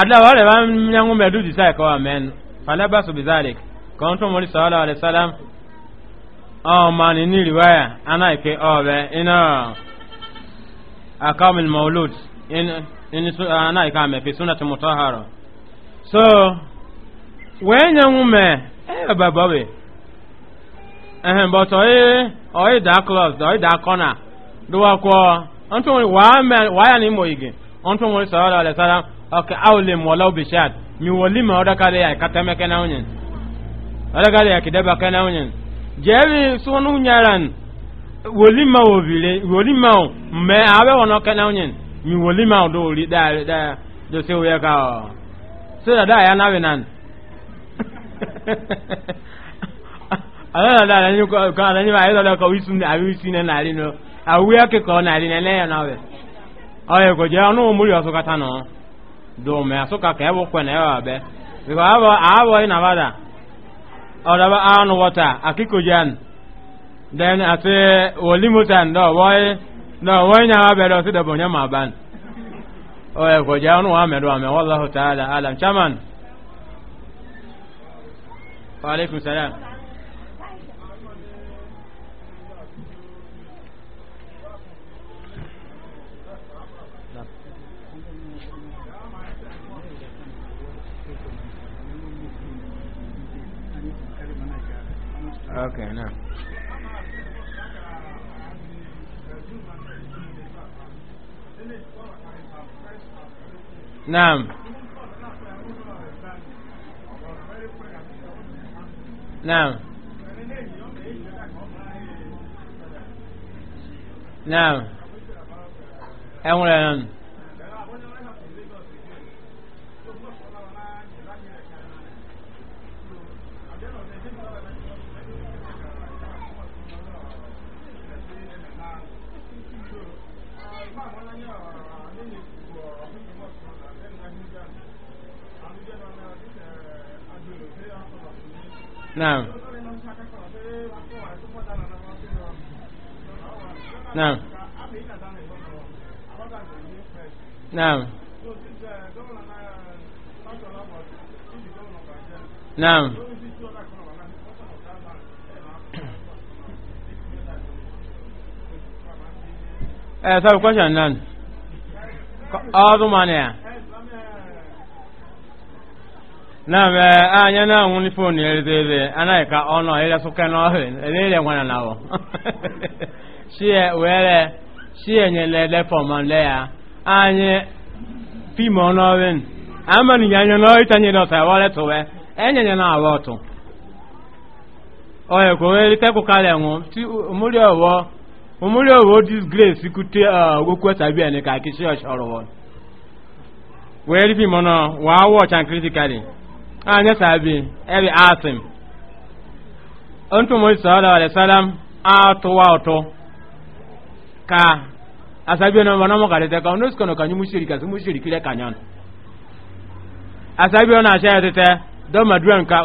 adáwọ̀ ọ̀rẹ́ bá ń yàngún mẹ́dúdì sáà ẹ̀kọ́ àmẹ́nu fàlẹ́ kɔntɔn mɔri sɔɔla alayi salam ɔɔ oh, maani riwaya ana ike ɔɔbɛ oh, ina akamil mawlud in ana ike ame fi sunati mutahara so wɛɛ nyɛ ŋun mɛ ɛyɛ bɛ bɔ bi ɛhɛn daa daa waa waa igi ọlọ́gàdì àkìdẹ́bà kanáwọ̀nyẹn jẹ́rì sọ́nù nyaran wòlímà òbílẹ̀ wòlímà ò mẹ́ àbẹ̀wọ̀nà kanáwọ̀nyẹn mi wòlímà ò dòwòlí dáa dáa dòsí òwe ká ọ̀ sódà dáa yà náwì nàn ọlọ́dà dáa lẹ́yìn kan lẹ́yìn bá ayélujára kọ ọ̀rọ̀bá àánú wọ́ta àkíkòján then àti wòlímùtàn náà wọ́yé náà wọ́n yà wá bẹ̀rẹ̀ ọ̀sídẹ̀ bọ̀ yẹn máa bán ọ̀rẹ́ kòjá ọ̀nù wà mẹ́rọ àmì wọ́n ta'ala alam chairman. Wa alaikum Okay, now. Nam. Nam. Nam. Nam. Nam. naam naam naam naam. eh sabe question nan na mgbe anya na-anwụ n'ifo na-erite eze anaghị ka ọ nọ ere sụke n'ọhịa ere ere nwana na ọ shie were shie nyere ele fọm ya anyị fim ọnọrin amanụ ya anya n'ọhịa itanye dọta wọle tụwe enyenye na awa ọtụ ọyọ kò wee rite kụkarị enwụ ti omori ọwọ omori ọwọ disgrace kute ogokwe tabi ẹni ka kisi ọsọrọ wọ wee rí fim ọ náà wàá wọ ọ̀chà anya sabi ebe asim ontumori sallallahu alaihi wasallam atuwa oto ka asabi ono bana mo kale ka onos kono kanyu mushirika kasi mushiriki le kanyan asabi ono asha tete do maduan ka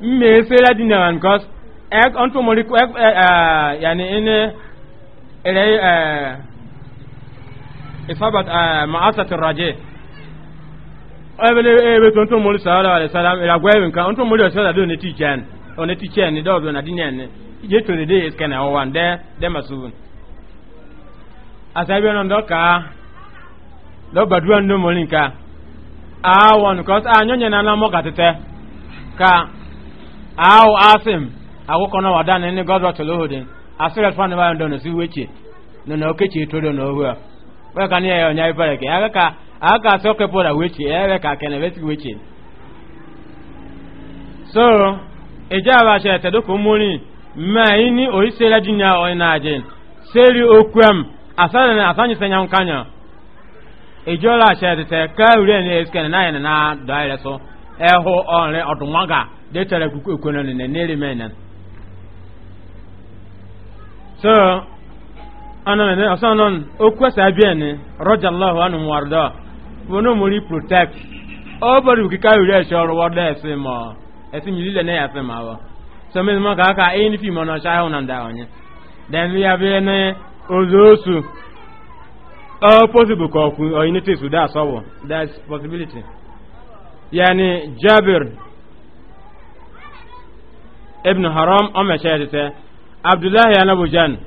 yi mme sela dinawan kos ek ontumori ek yani ine ele eh isabat ma'asat ar ebele ebe eh, to ntum muri sallallahu alaihi wasallam ila gwa ebe nka ntum muri sallallahu do ne teacher ne teacher ne do na dinya ne je to de is e kana o wan de de masubun asabe no ndoka ah, do badua no muri nka a won cause a nyonya na na mo gatete ka aw asim akwụkwọ na wada na god watchel ohodin asịrị fan ba ndo no si weche no na okechi toro no ohu a wa ka ni ya onya aga ka aka asọ kepụra wechi ewe ka kene wesi so eje abacha etedo ka ma ini oisela jinya oyina ajin seri okwem asara na asanyisa nya nkanya a acha etete ka na yana na so ehu onre odumwaga de tere kuku ekwono ne neri so mono muri protect o bari ukika yure se oro wa da ese mo ese mi lile na ya fe ma wa so me mo ka ka e ni fi mo na sha ho na da onye then we have ne ozosu o possible ko ku o ni te su da so that's possibility yani jabir ibn haram o me she te abdullahi anabujan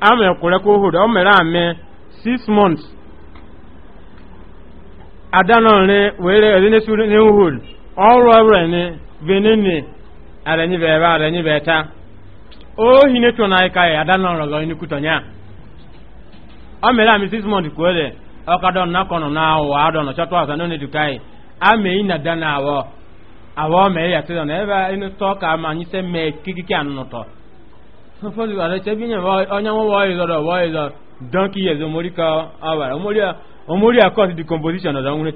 ame kure ko hu da o me 6 months adanọ ni were ẹni su ni hul ọrụ ọrụ ni benin ni arẹni bẹẹ bá arẹni bẹẹ ta ó hin ní tọ́nà ẹ̀ka ẹ̀ adanọ rọ̀lọ́ inú months kúrò lẹ̀ ọkadọ̀ nakọ̀nọ̀ náà wọ̀ adọ̀nà ṣọ́tọ̀ àṣà ní dùkà yìí àmì yìí nà dáná àwọ̀ ma omori accord the composition of the only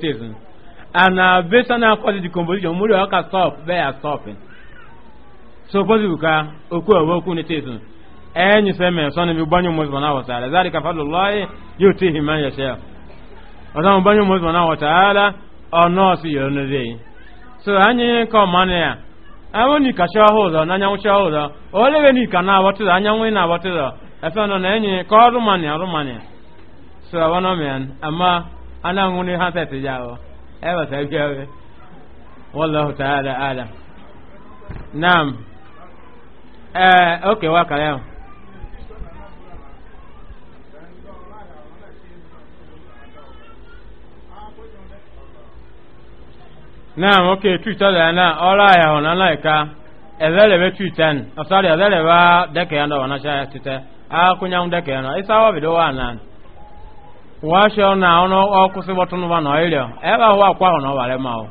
and based on accord the composition omori ọka stop bẹẹ stop so possible ka okwu ọwọ okwu ni text ẹni sẹmẹ sọni mi gbọnyọ zari so anyị ya ni na anyanwụ cha ọhụụ ni ka na-abọtụzọ anyanwụ efe ka ọrụ ya so awɔnɔ mɛn ama ana ŋuni hã tɛ ti dza o ɛ wa sɛ gbɛ wɛ taala ala n'am ɛɛ oke wa kalɛ naam da na ɔla ya hɔ na ka ika ɛzɛlɛ bɛ ni ɔsɔri ɛzɛlɛ bɛ dɛkɛ ya na wɔna sɛ titɛ a kunyam dɛkɛ ya na isa wa washo na ono okusi botunu bano ilio eba huwa kwa ono wale mao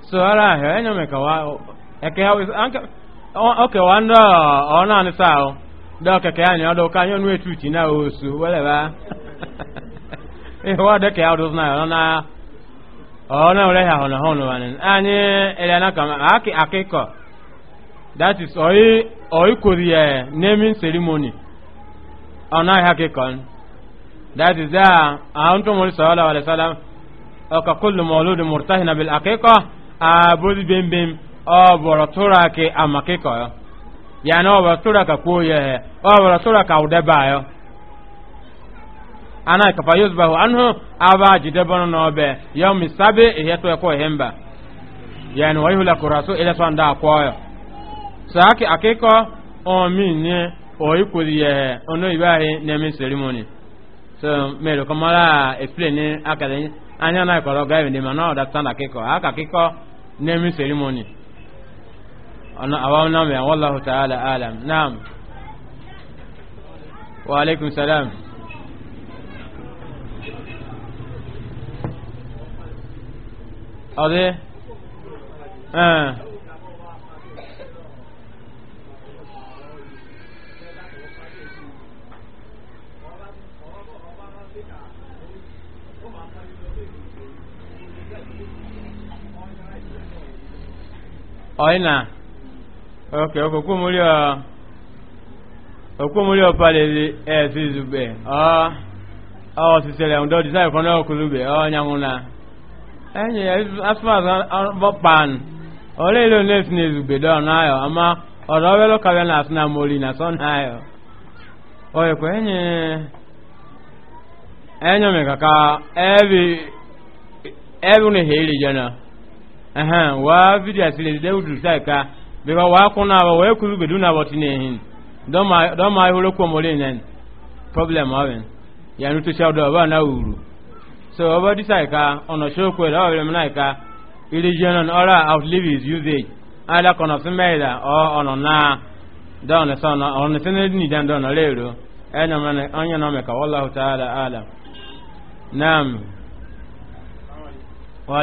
so ala he enyo meka wa eke wa anke okay wanda ona ni sao do ke ke anyo do kanyo nu na osu wale ba e ya de ke autos na ona ona ole ha na hono anyị kama that is oi oi eh, naming ceremony ona that is there antum sallallahu alaihi wasallam aka kullu mawlud murtahina bil aqiqa abudi bim bim oboro turake amakiko yani oboro turaka kuye oboro turaka udebayo ana kafa yuzbahu anhu aba jidebano nobe yawmi sabi yeto ko hemba yani wa yuhla kurasu ila sanda koyo saki akiko o minne o ikuliye ono ibari nemi ceremony so mero kamara explain akadeni anya na ikoro ga ebi ma na understand akiko aka kiko naming ceremony ana awa na me wallahu ala alam na'am wa alaikum salam ade eh ọyịna oke okokomori ọ okomori ọ palezi esi izugbe ọ ọ sisere ndo disai kọnọ okulugbe ọ nyamuna enyi asfas bọpan onye ilé onílé sí ní izugbe dọ n'ayọ ama ọrọ wẹlọ na asuna mori na sọ n'ayọ ọ ẹkọ enyi enyi mi kaka ẹbi ẹbi ni heri jẹ ehem waa vidiyo sile dide udu sai ka bika waa kuna ba wee kuru bedu na bɔti ne hin dɔn maa iholo kuo mɔle nɛn problem ya yanu to sɛw dɔ ɔba na wuru so ɔba di sai ka ɔnɔ sɛw koe dɔba bɛlɛ mina ka religion and oral outlive is usage ala kɔnɔ fi mɛyi la ɔ na naa dɔn ne sɔn ɔnɔ sɛnɛ ni dan dɔn ɔnɔ leero ɛn nyɛ mɛ ɔn nyɛ nɔ mɛ ka taala ala naam wa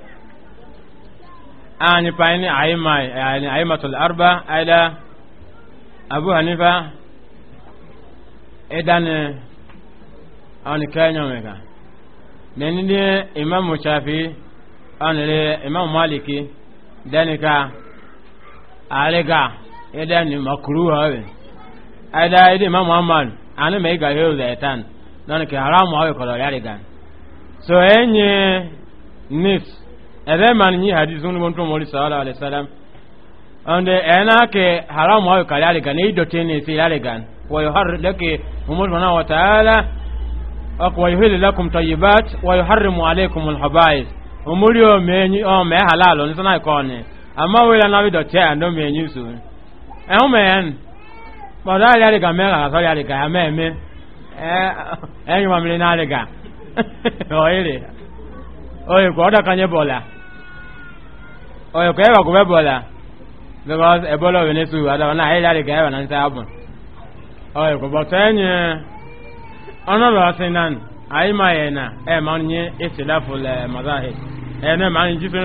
ani paini aima yani aimatul arba ala abu hanifa idan ani kanyo mega neni ne imam shafi ani le imam maliki danika alega idan ni makru hawe ada idi imam ahmad ani me ga yo etan nan ke haramu hawe ko so enye nis ebe man nyi hadis unu bonto mori sallallahu alaihi wasallam ande ena ke haram wa kali ale gan ido tene si ale gan wa yuhar laki umur mana wa taala akwa yuhil lakum tayyibat wa yuharrimu alaykum alhabais umuri o menyi o me halal on sana ko ama we na bi do che ando menyi su e o men ba da ale gan me ga so ale gan me me e enyi ma mi na ale gan o ile oye ko ọdọ kanye bọla oye ko ẹwà kò bẹ bọla because ẹbọlọ wẹ ní sùúrù adọ náà ayé láti gẹ ẹwà náà oye ko bọtọ ẹnyẹ ọnà lọ sí náà ayé máa yẹ náà ẹ máa ń yẹ èsì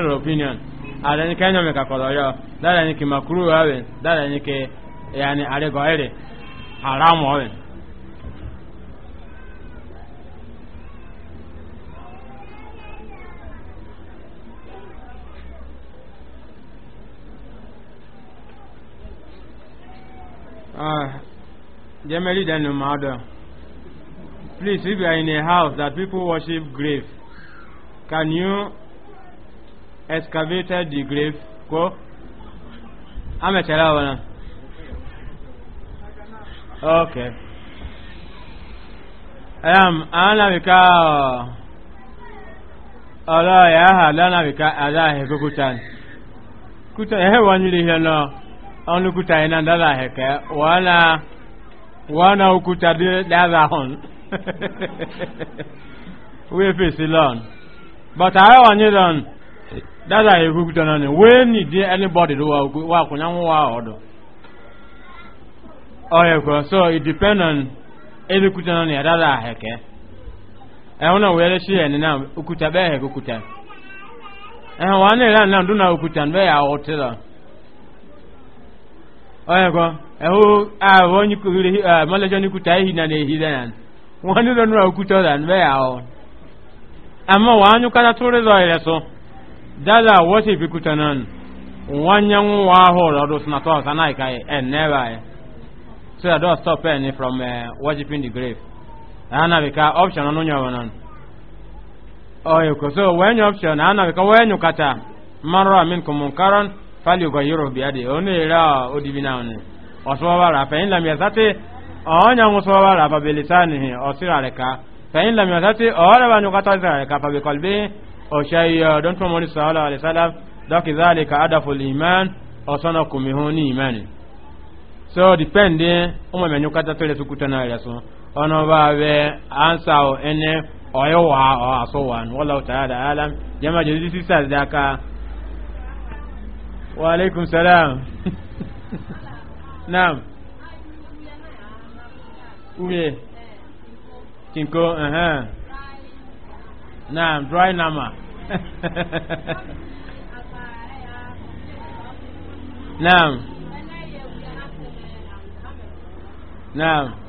opinion haramu Ah, Jemeli, generally, then matter. Please, if you are in a house that people worship grave, can you excavate the grave? Go. I'm a child. Okay. I am Um, ana bika ọlọ ya ha lana bika ada ahekukutan kuta ehe wanyiri here náà. an lukuta ina dala heke wala wana ukuta dada hon we face learn but i e want you learn dala he kukuta na ni we anybody do wa wa kunya wa odo oye ko so it depend on ele kukuta na dada dala heke e ona we le share na ukuta be he kukuta eh wana ila e na nduna ukuta be ya hotel onye kwa ehu ahụ onye kuhiri malaja ni kuta ihi na na ehi da yan wani da nura kuta da nbe ya o amma wa anyu kada tore zo ile so dala wose bi kuta nan wanya nwa ahụ rodo sna to sana ikai en never eh so that don't stop any from uh, worshiping the grave ana bika option anu nyawa nan oyo ko so wenyo option ana bika wenyo kata marra minkum munkaran fali ko yoro bi ade onu era odibi na onu oso wa ra fe lam yasate onya muso wa ra ba belisani osira reka fe lam yasate ora ba nukata sira reka fa be kolbe o shay uh, don to mo ni sallallahu alaihi wasallam dak zalika adafu iman osana kumihoni imani so depending o mo menyu kata tole sukuta na raso ono ba be ansa o ene oyo wa o aso wan wallahu ta'ala alam jama jezi sisa daka wa alaikum salam naam uye kinko uh -huh. naam dry nama naam naam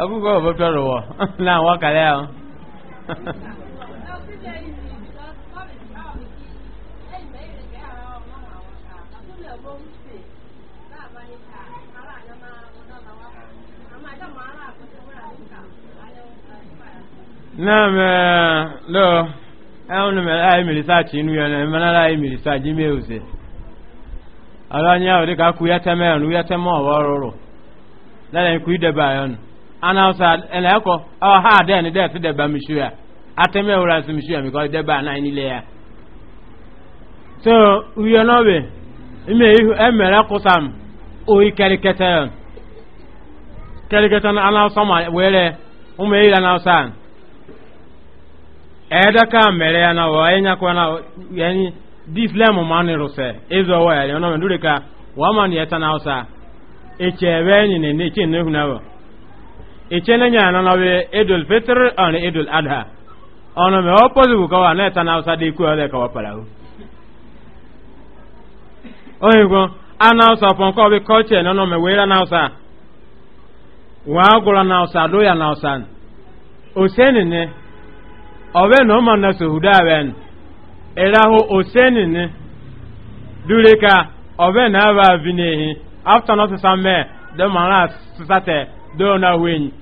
abubuwa ọ̀bọ̀ tọrọ wọ̀ náà wọ́n kàlẹ́ àwọn. naam eh, lo ɛwọn eh, mɛ ayi mi research inu yɛ mɛ nana ayi mi research ime ose alo anyi awo de ka ku yatɛmɛ yɛ nu yatɛmɛ ɔwɔ roro lɛlɛ ku idɛ ba yɛ nu. anawusa ẹlẹ́kọ̀ ọ ha dẹ́ni dẹ́si dẹ́ba mìsúyà atẹ́mẹ́wòrán sí mìsúyà mi kọ́ dẹ́ba náà nílé ya. so uyo náà bẹ̀ ẹ̀mẹ̀ ihu ẹ̀mẹ̀rẹ̀ kùsàm oyi kẹ́rìkẹ́tẹ́ yẹn kẹ́rìkẹ́tẹ́ náà anawusa ma wẹ́rẹ́ ọmọ ma ni na ichene nya na na we idul fitr on idul adha ono me opozu ko wa na ta na usa de ku ole ka wa para hu oyin go ana usa pon ko we culture no no me we ra na usa wa gura na usa do ya na usa oseni ne owe no ma na so huda ben eraho oseni ne dureka owe na ba vinehi after not samme de mara sisate do na wenyi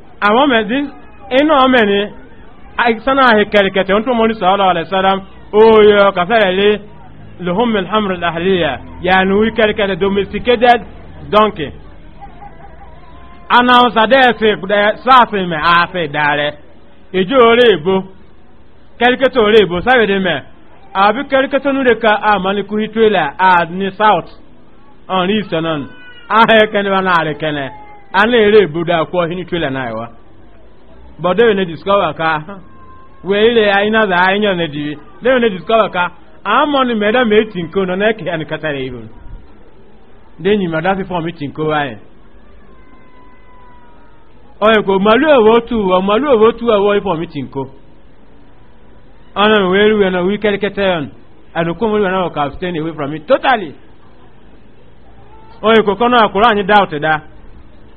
àwọn mẹ́dí iná ọmẹ́ni àìsánà àhìkẹ̀rẹ̀kẹ̀tẹ̀ ohun tó mọ́ ní sọ́ọ́lọ́ alẹ́sára oye ọkàfẹ́rẹ̀lẹ́ lohomil hamrin ahliya yàní wí kẹ̀rẹ̀kẹ̀tẹ̀ domesticated donkey anausadẹ́ẹ̀sì sáàfin mẹ́ àfẹ́ ìdàrẹ́ ìjọ orí ìbò kẹ̀rẹ̀kẹ̀tẹ̀ orí ìbò sáwẹ̀dẹ̀ mẹ́ àbí kẹ̀rẹ̀kẹ̀tẹ̀ núrẹ̀ka àmàlìkú hitrẹ́lẹ̀ àdní south ọ̀rí ìsẹ̀nà ahẹ́kẹ́ni wọn àrẹ̀kẹ́ni ana ere ebodo akwọ hini trela na ayiwa bọdọ ne discover ka wee ile anyị na za anyị ne divi de ne discover ka amọ ni meda me tinko no na ke ani katara ibu de nyi mada fi form tinko wa e oye ko malu owo e tu wa malu owo e tu wa wo form tinko ana we ru na we kere kete yon anu ko mo na ka abstain away from it totally oye ko kono akura anyi doubt da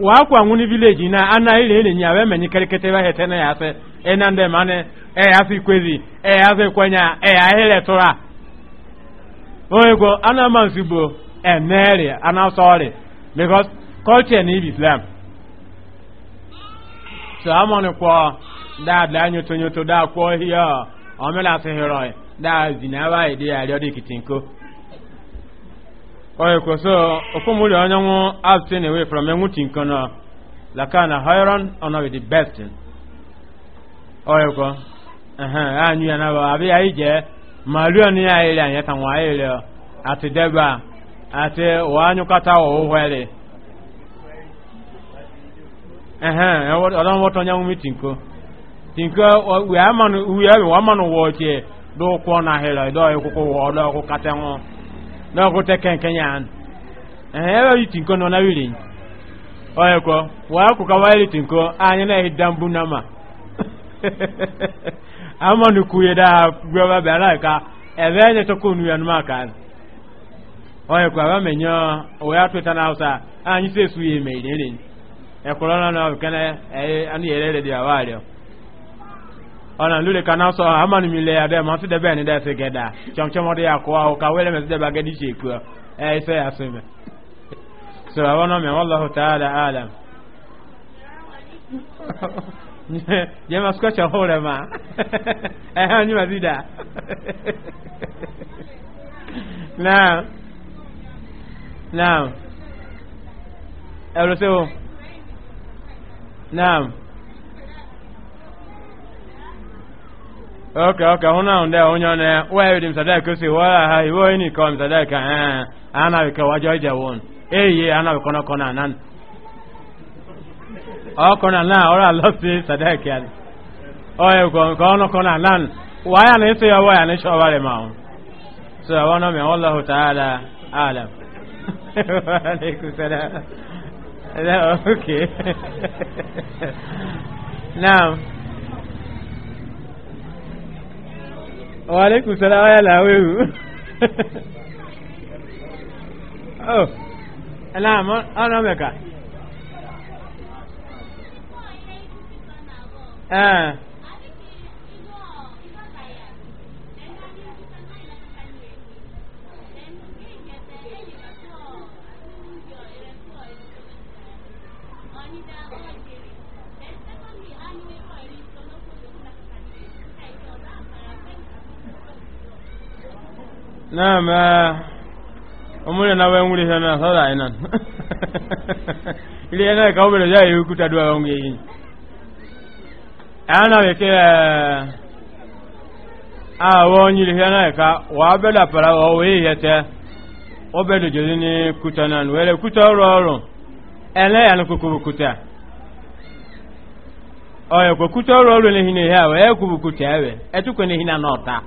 wa kwa nguni village na ana ile ile nyawe menyi kerekete ba hetene ya se ena nde mane e ya si kwezi e ya se kwenya e ya hele tora oyego ana mansibo enere ana sorry because culture ni islam so amon kwa da da nyoto nyoto da kwa hiya omela se heroi da zinawa ide ya riodo kitinko oye ko so okomuli anyanwụ abstain away from enwuti nkana lakana hiron ona with the best oye ko ehe anyu ya na ba abi ayi je malu ni ya ile anya tan wa ile ati deba ati wa anyu kata o wele ehe ọdọ wọtọ nyanwụ mi tinko tinko we amanu we amanu wo je do ko na hela do ikuku wo do ko kata wọn n'ọkụta kenkenya anụ ebe itinko nọ na wili oyeko waa kuka waili tinko anyị na-ehi dambu na ma amanu kuye da gwaba bala ka ebe ne to kunu ya numa ka oyeko aba menyo oya tweta na usa anyị sesu ye meire ni ekolona na obikana anu yerere di awalio ona lule kana so ah, amani mile ya de ma ti de be ni de se geda chom chom de akwa o ka wele me de ba gedi che ku e se ya se me so awona me wallahu ta'ala alam je ma skocha e, hore ma eh ni mazida na na Naam. E, okay okay huna unde unyone wewe ni msadai kusi wala hai wewe ni kwa msadai ka eh, eh ana ke wajoje won eh ye ana kono kona nan o kona na ora losi sadai ke Oye, o ye kona nan waya ni se ya waya ni sho bare ma so wana mi Allah taala alam wa alaikum salam okay now wàlékún sọlá wáyà làwẹ̀wò ọ ẹlàmọ ọ̀nà mẹ́ka ẹ̀ẹ́. naam eh, omuli nawe ngulisa na sala ina ili ena ka obele ya yukuta dua wangu yin ana weke eh, a wonyi li ena ka wa bela para wa we yete obele jodi ni kutana wele kutoro oro ele ya nkukubu kuta oyo ko kutoro oro ni hine ya we e kubukuta ewe etukwe hina nota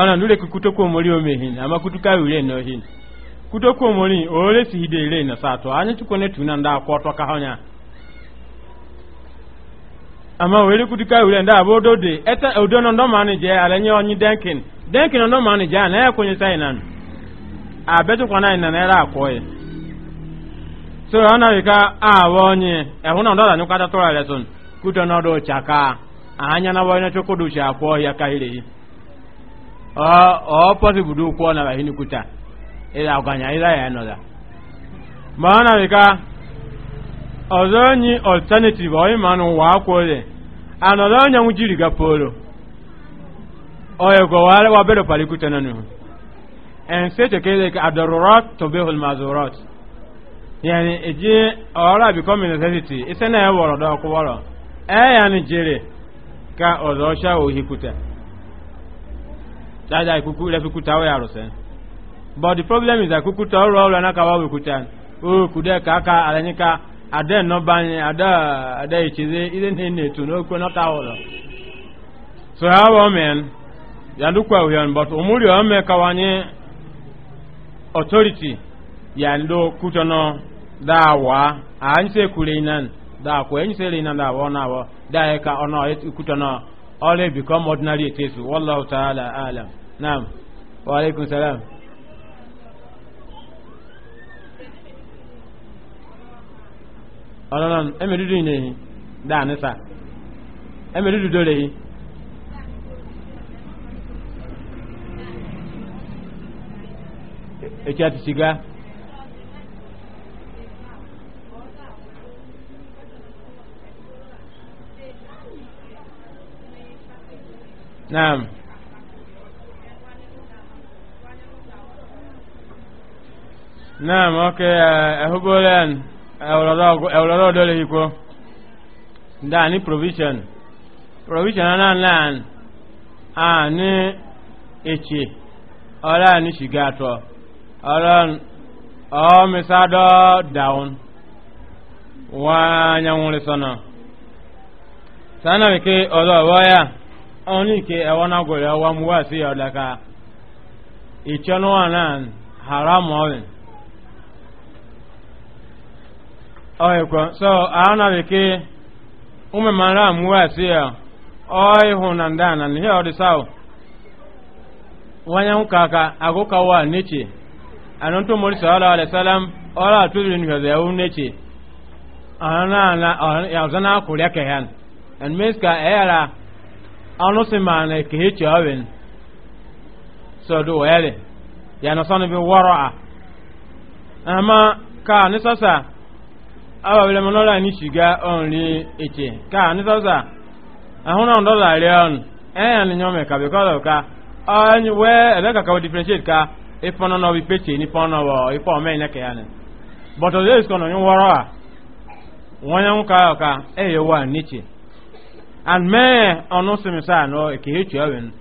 ọ̀nà lórí kútókù omori omi hin àmà kútókà ìwúrẹ́ náà hin kútókù omori òórè sì hídé ìrẹ́ ìnà sàtọ̀ anyị tukọ̀ n'etu na ndà akwọ́ ọtọ kahọ́nya àmà òórè kútókà ìwúrẹ́ ndà àbọ̀ odò dè ẹ̀tẹ̀ òdò nọ ndọ́mà ni jẹ́ àlẹ́ nye ọnyị dẹ́nkin dẹ́nkin ndọ́mà ni jẹ́ àná ẹ̀kọ́nyẹ sáyìn nan náà ìnà n'ẹ̀rẹ́ àkọ́ yẹ so ọ e, na wika awọ onye ẹ̀hún náà ndọ́dà nyụkata tụrụ àrẹ sùn kútó n'ọdọ̀ ọ̀chàkà àhányá náà wọ́n ẹ̀ ọ pọsibụ dị ụkwụ na ahịa nnukwuta ịla ọganya ịla ya nọ ma ọ na-abịka ọzọ onye alternative ọ ịma n'ụwa akwụ ole anọdụ onye nwụ jiri ga polo ọ ya gọwara wa bere palikwuta na nuhu en se to kele ka adarurot to behul mazurot yani eji ọrụ become necessity ise na ya wọrọ dọkwụwọrọ e ya ni jere ka ọzọ ọcha ohikwuta dada ikuku ile kukuta we arose but the problem is akukuta oro oro na kawa wekuta o oh, kude ka aka alanyika ada no banye ada ada ichize ile ne ne tu no ko no ka oro so how amen yandukwa uyan but umuri ame kawanye authority yando kutono dawa anse kuleinan da ko ense leinan da wona wo da ka ono kutono all become ordinary it is wallahu ta'ala alam نعم، wa aleykum salaam. ọlọ́run ẹ̀mí dúdú yìí nìyí dáa nísà ẹ̀mí dúdú dọ́lẹ̀ yìí. ètò àti sìgá. naam. naam ok ehubolen eh, eh, ewloro eh, dole hiko da ni provision provision anan lan a ni eche ọla ni shigato ọlọn ọ misado down wa nyanwuri sana sana wike ọlọ wọya ọni ke ẹwọn agwere ọwa muwa si ọdaka ichọnuwa ọhịkwa so a na-eke umemara amuwa si oh na ndị ana ihe ọ dị sao wanye nka ka agụkawa neche anụntụ mori sallallahu alaihi wasallam ọrụ atụrụ ni họzọ yawu neche ana ana na akụrịa kehan and means ka era ọnụ si ma na kehechi ọwin so do wele ya na sọnụ bi a ama ka ni sasa awa wele mo nola ni shiga only eche ka ni sasa ahuna on dola leon eh ni nyome ka because ka any we ele ka ka differentiate ka ipono no bi peche ni pono wo ipo me ne ke yana but o yes kono nyu woro a wonya ka ka e ye wa niche and me ono simisa no ke hetu awen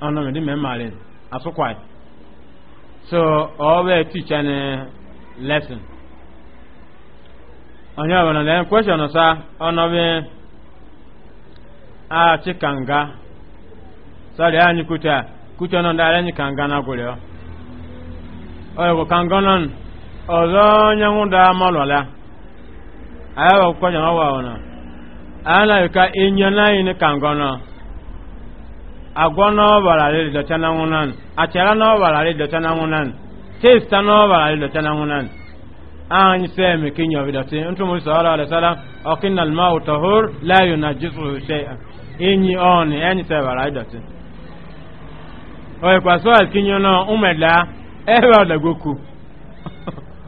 ono me di me malen asokwai so all we teach an lesson onye ọbụla lee kweshọn sa ọnọbi a kanga sọrọ anyị kuta kucha nọ ndara anyị kanga na gwụrịọ oyo kanga nọ ọzọ onye nwụda mọlọla anyị bụ kweshọn ọwa ọnọ anyị na yuka inye naanị ni kanga nọ agwọ n'ọbara rịrị dọcha na nwụnan achara n'ọbara rịrị dọcha na nwụnan testa n'ọbara rịrị dọcha na nwụnan an sɛmi kin yɔ bidɔti n tun sɔɔla alayisalaam ɔkin alimau tahur laayu na jisu shay'a inyi ɔni ɛni sɛbara idɔti ɔyɛ kɔ sɔɔl kin yɔnɔ umɛda ɛbɛ ɔdagoku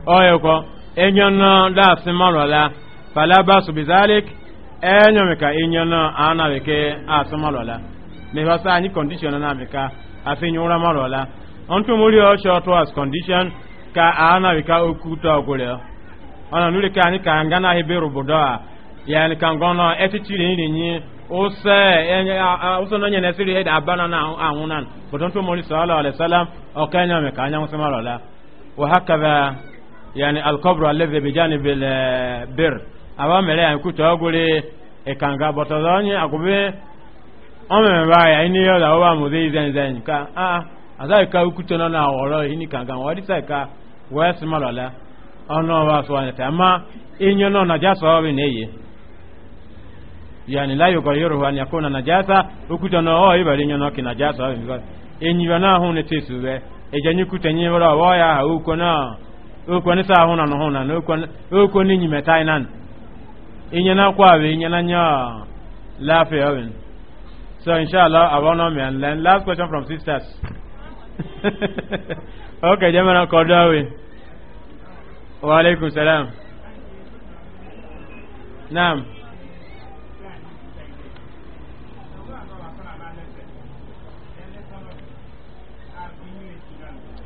ɔyɛ kɔ ɛnyɔnɔ daasi malɔla falaba subizalik ɛnyɔmi ka ɛnyɔnɔ ana bi ke aasi malɔla mɛfasa anyi kɔndisiyɔn na mi ka afi nyuura malɔla n tun wuli ɔsɔ to as condition. ka ana wika okuta okule ana nuli ka ni kanga na hebe rubudoa yani kangono etitiri ni nyi ose enye ose no nyene siri heda abana na awunan botonto moli sallallahu alaihi wasallam okanya me kanya musema lola wa hakadha yani alqabru alladhi bijanib albir eh, awamele yakuta okule ekanga botodonye akube ome mbaya ini yola oba muzi zenzenka a ah. azai ka ukuto na na woro hini kanga wadi sai ka wes malala ono wa so anata ama inyo no na jaso obi neye yani la yuko yoro wa ni akona na jasa ukuto no o ibali inyo no na jaso obi ngo enyi wa na hu ne tisu be ejanyi kutenyi wala wa ya ha uko na uko ni sa hu na no hu na uko uko ni nyimetai nan inyo na kwa be inyo na nya lafi obi So inshallah, I want to learn. Last question from sisters. ok jamana kodawe wa alaikum salam naam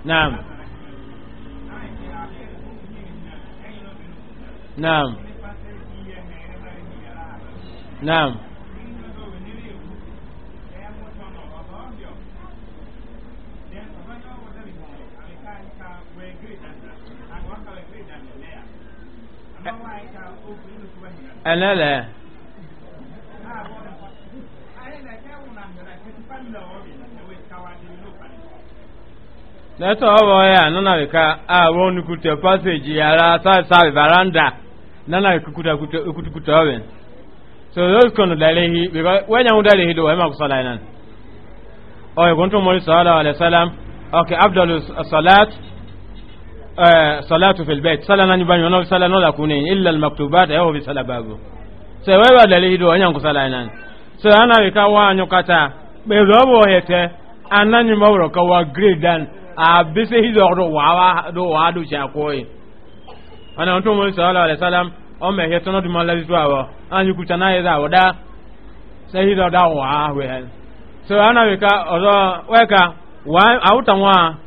naam naam naam ẹlẹlẹ. lẹ́tọ̀ ọ̀bọ̀ ya nana wika àwọn onukute passage yàrá sáfìsáfì varanda. nana kukuta kutukuta ọ̀bẹ̀ so those kanu dalehi because wẹ́n yàn wọ́n dalehi do wẹ́n ma kó sọ́la yẹn náà. ọ̀yẹ̀kùn tó mọ́lẹ́ sọ́ọ́lá alẹ́ sálám ọ̀kẹ́ abdul salat. Eh, salatu fil bait sala nan ban yono sala no la illa al maktubat eh, ayo bi sala babu sai wai wa dalili do anyan kusala nan sai ana bi ka wa anyo kata be do bo hete ka wa grade dan a ah, bi sai hizo do wa wa do wa do sha ana mo o me no la anyu kuta na yeda da wa we ana bi ka ozo wa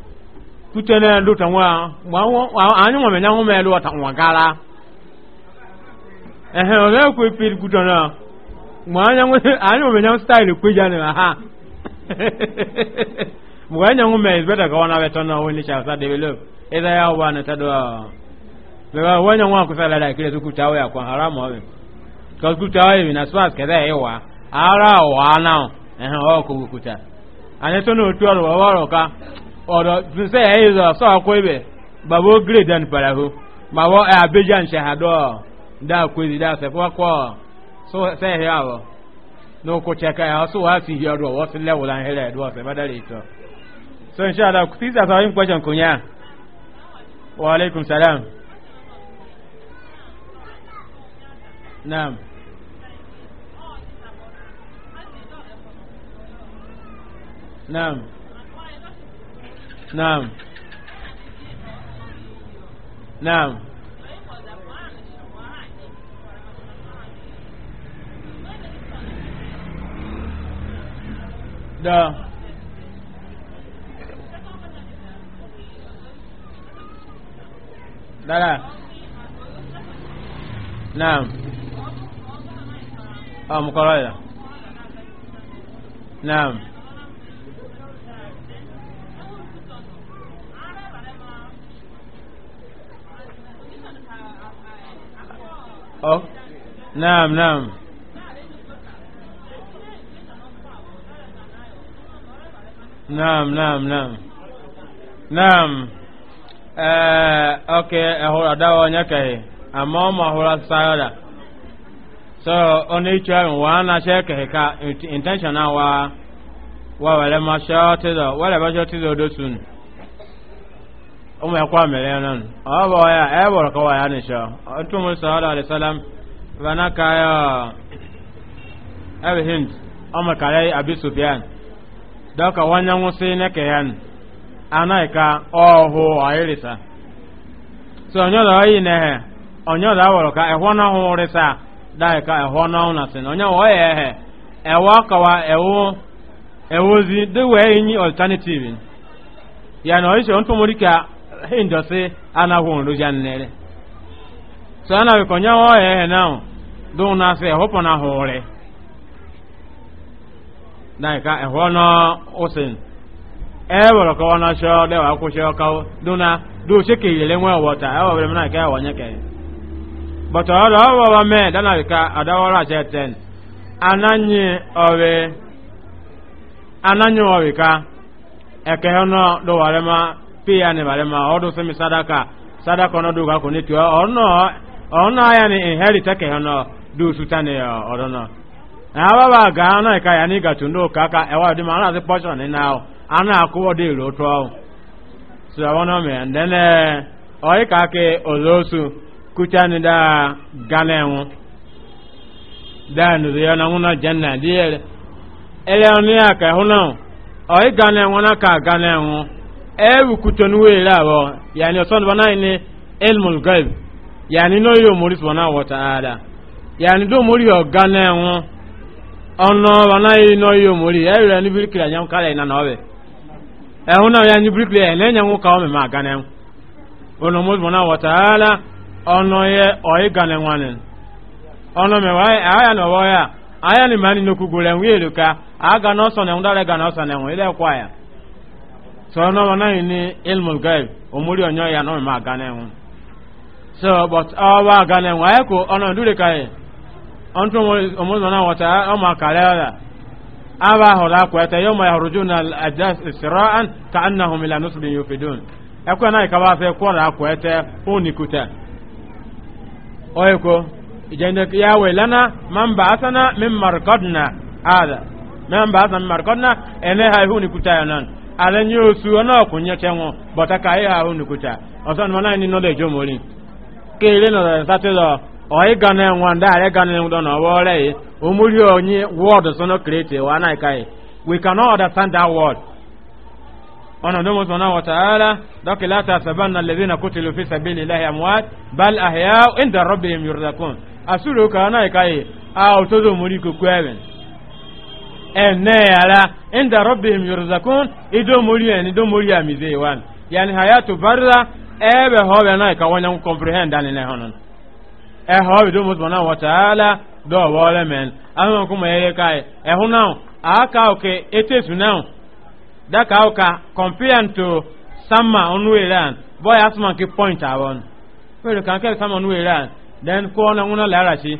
kutene lu tanwa anyi mo menya mo me lu tanwa gala ehe o le ku pir kutona mo anya mo anyi mo menya style ku ja ha mo anya mo me is better ka wana betona woni cha sa develop ida ya wana tadwa lewa wanya mo akusala la kile tukutawe ya kwa haramu awe kwa kutawe ni naswas kadha ewa ara wana ehe o kukuta anetono otu aro wa waroka ọ̀rọ̀ sísẹ́ ẹ̀ ìzọ̀ sọ́ọ̀kọ́ ibẹ̀ bàbá ó gírè dání parahu màwọ́ ẹ̀ abéjà ń ṣàhádọ́ dá kwezi dá sẹ́fọ́ kọ́ sẹ́yìn àwọ̀ n'okwu cheka ẹ̀ ọ́ sọ wá sí ihe ọdún ọwọ́ sí lẹ́wọ̀ láń hẹ́rẹ́ ẹ̀dọ́ ọ̀sẹ̀ bàdá lè tọ́. so inshallah sísẹ́ àtàwọn ìpẹ́sẹ̀ nkùnyà wa aleykum salam. naam. naam. نعم نعم ده لا لا نعم اه مقرره نعم أو oh. naam naam نعم نعم نعم نعم آه أوكي أهورا دعوة نكاي أما ما so ka intention wa wa wale ma shortizo do soon ụmụ ya kwa mere ya nan ọ bụ ya ya bụrụ kọwa ya nisha otu mụ sallallahu alaihi wasallam bana ka ya ebe hind ọmụ kare abi sufyan dọka wanya nwụsị neke ya anaghị ka ọhụ ọhịrịsa so onye ọdọ ọyị nehe onye ọdọ awọrọ ka ehụ n'ọhụ rịsa daghị ka ehụ n'ọhụ na sin onye ọwọ ya ehe ewu ọkọwa ewu ewu ozi dị wee inyi alternative ya na ọ iche ntụmụrị ka hindosi anahun lujan nere so ana wi konya wo he na do na se hopo na hore dai ka e hono osin e woro ko na sho de wa ku sho ka do na do se ke yele nwe wota e wo na ka e wonya ke but o lo wo wa me dana ka adawara je eten ananye owe ananye owe ka eke hono do ware ma pia ni balema semi sadaka sadaka ono duka kuni tiwa ono ono aya ni inheri eh, nọ ono du sutane yo odono awa ga ya ni gatundo kaka ewa di ma ana se portion ni ana de ro to so me na nguna janna di ele aka ewu kutonu wele abo yani oson bana ni ilmul ghaib yani no yo muri subhana wa ta'ala yani do muri o gane won ono bana yi no yo muri e re ni birikira nyam kala ina no be e ya ni birikira e ka o ma gane won ono muri ono ye o yi gane won ono me ya aya ni mani no kugule aga no so ne ndare so ya so wọn náà ní ilmul gaib omori onyo ya náà máa gánà ẹ̀hún so but ọba gánà ẹ̀hún ayẹ́kọ̀ ọ ìdúrè káyẹ̀ ọ̀n tó omori náà wọ̀tá ọmọ àkàlẹ́ ọ̀la aba ahọ̀lá kọ̀ ẹ̀tẹ̀ yọmọ ìhọ̀rọ̀jú na àjá ìṣirọ́ àn ká àn náà homilà ní sùdìn na fi dùn ẹ̀kọ́ náà ìkàwá fẹ́ kọ́ra kọ̀ ẹ̀tẹ̀ fún nìkútà ya ìjẹ́ndẹ̀kìyàwó ìlànà máa ń bá asánà mímọ̀rẹ̀kọ́dùnà àdà máa ń asana asánà mímọ̀rẹ̀kọ́dùnà ẹ̀nẹ́ ha huni nìkútà ya náà ala nye osu ona okunye chenwo bota ka ihe ahụ nukuta ọsọ nọ naanị nọ lejo mori kele nọ nsatịlọ ọyị ga na enwa ndị arị ga na enwudo na ọwa ọrịa yi omori onye wọọdụ sọnọ kreti wa anaghị kaị we can cannot understand that word ọ̀nà ọ̀dọ́ mọ̀sán náà wọ̀tàálá dọ́kìlá ta sàbán na lèzí na kútìlú fi sàbí lílá àmúwá bal ahịa ìndà rọ́bì yẹn yorùdá kún àsúrò kan náà ìkáyè a ò tó zò mórí kòkó ẹ̀rìn ene yara inda rabbihim yurzakun ido muri en ido muri amize wan yani hayatu barza ebe ho be na ka wanya comprehend ani ne honon e ho ido mu bona wa taala do wole men amma kuma yele kai e a aka oke etesu now da ka oka compare to sama onu iran boy asman ki point awon pero kan ke sama onu iran den ko na nguna larashi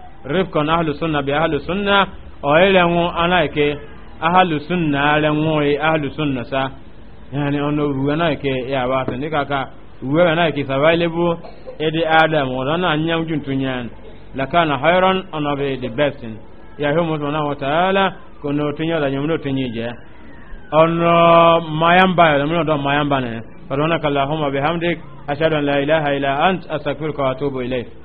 rifkon na sunna bi ahlu sunna o ile nwu anaike ahlu sunna ale nwu ahlu sunna sa yani ono uwe anaike ya ba ta ndika ka uwe anaike survivable edi adam na anyam juntunyan ya hu mutuna wa taala kono tunya da nyamno mayamba mayamba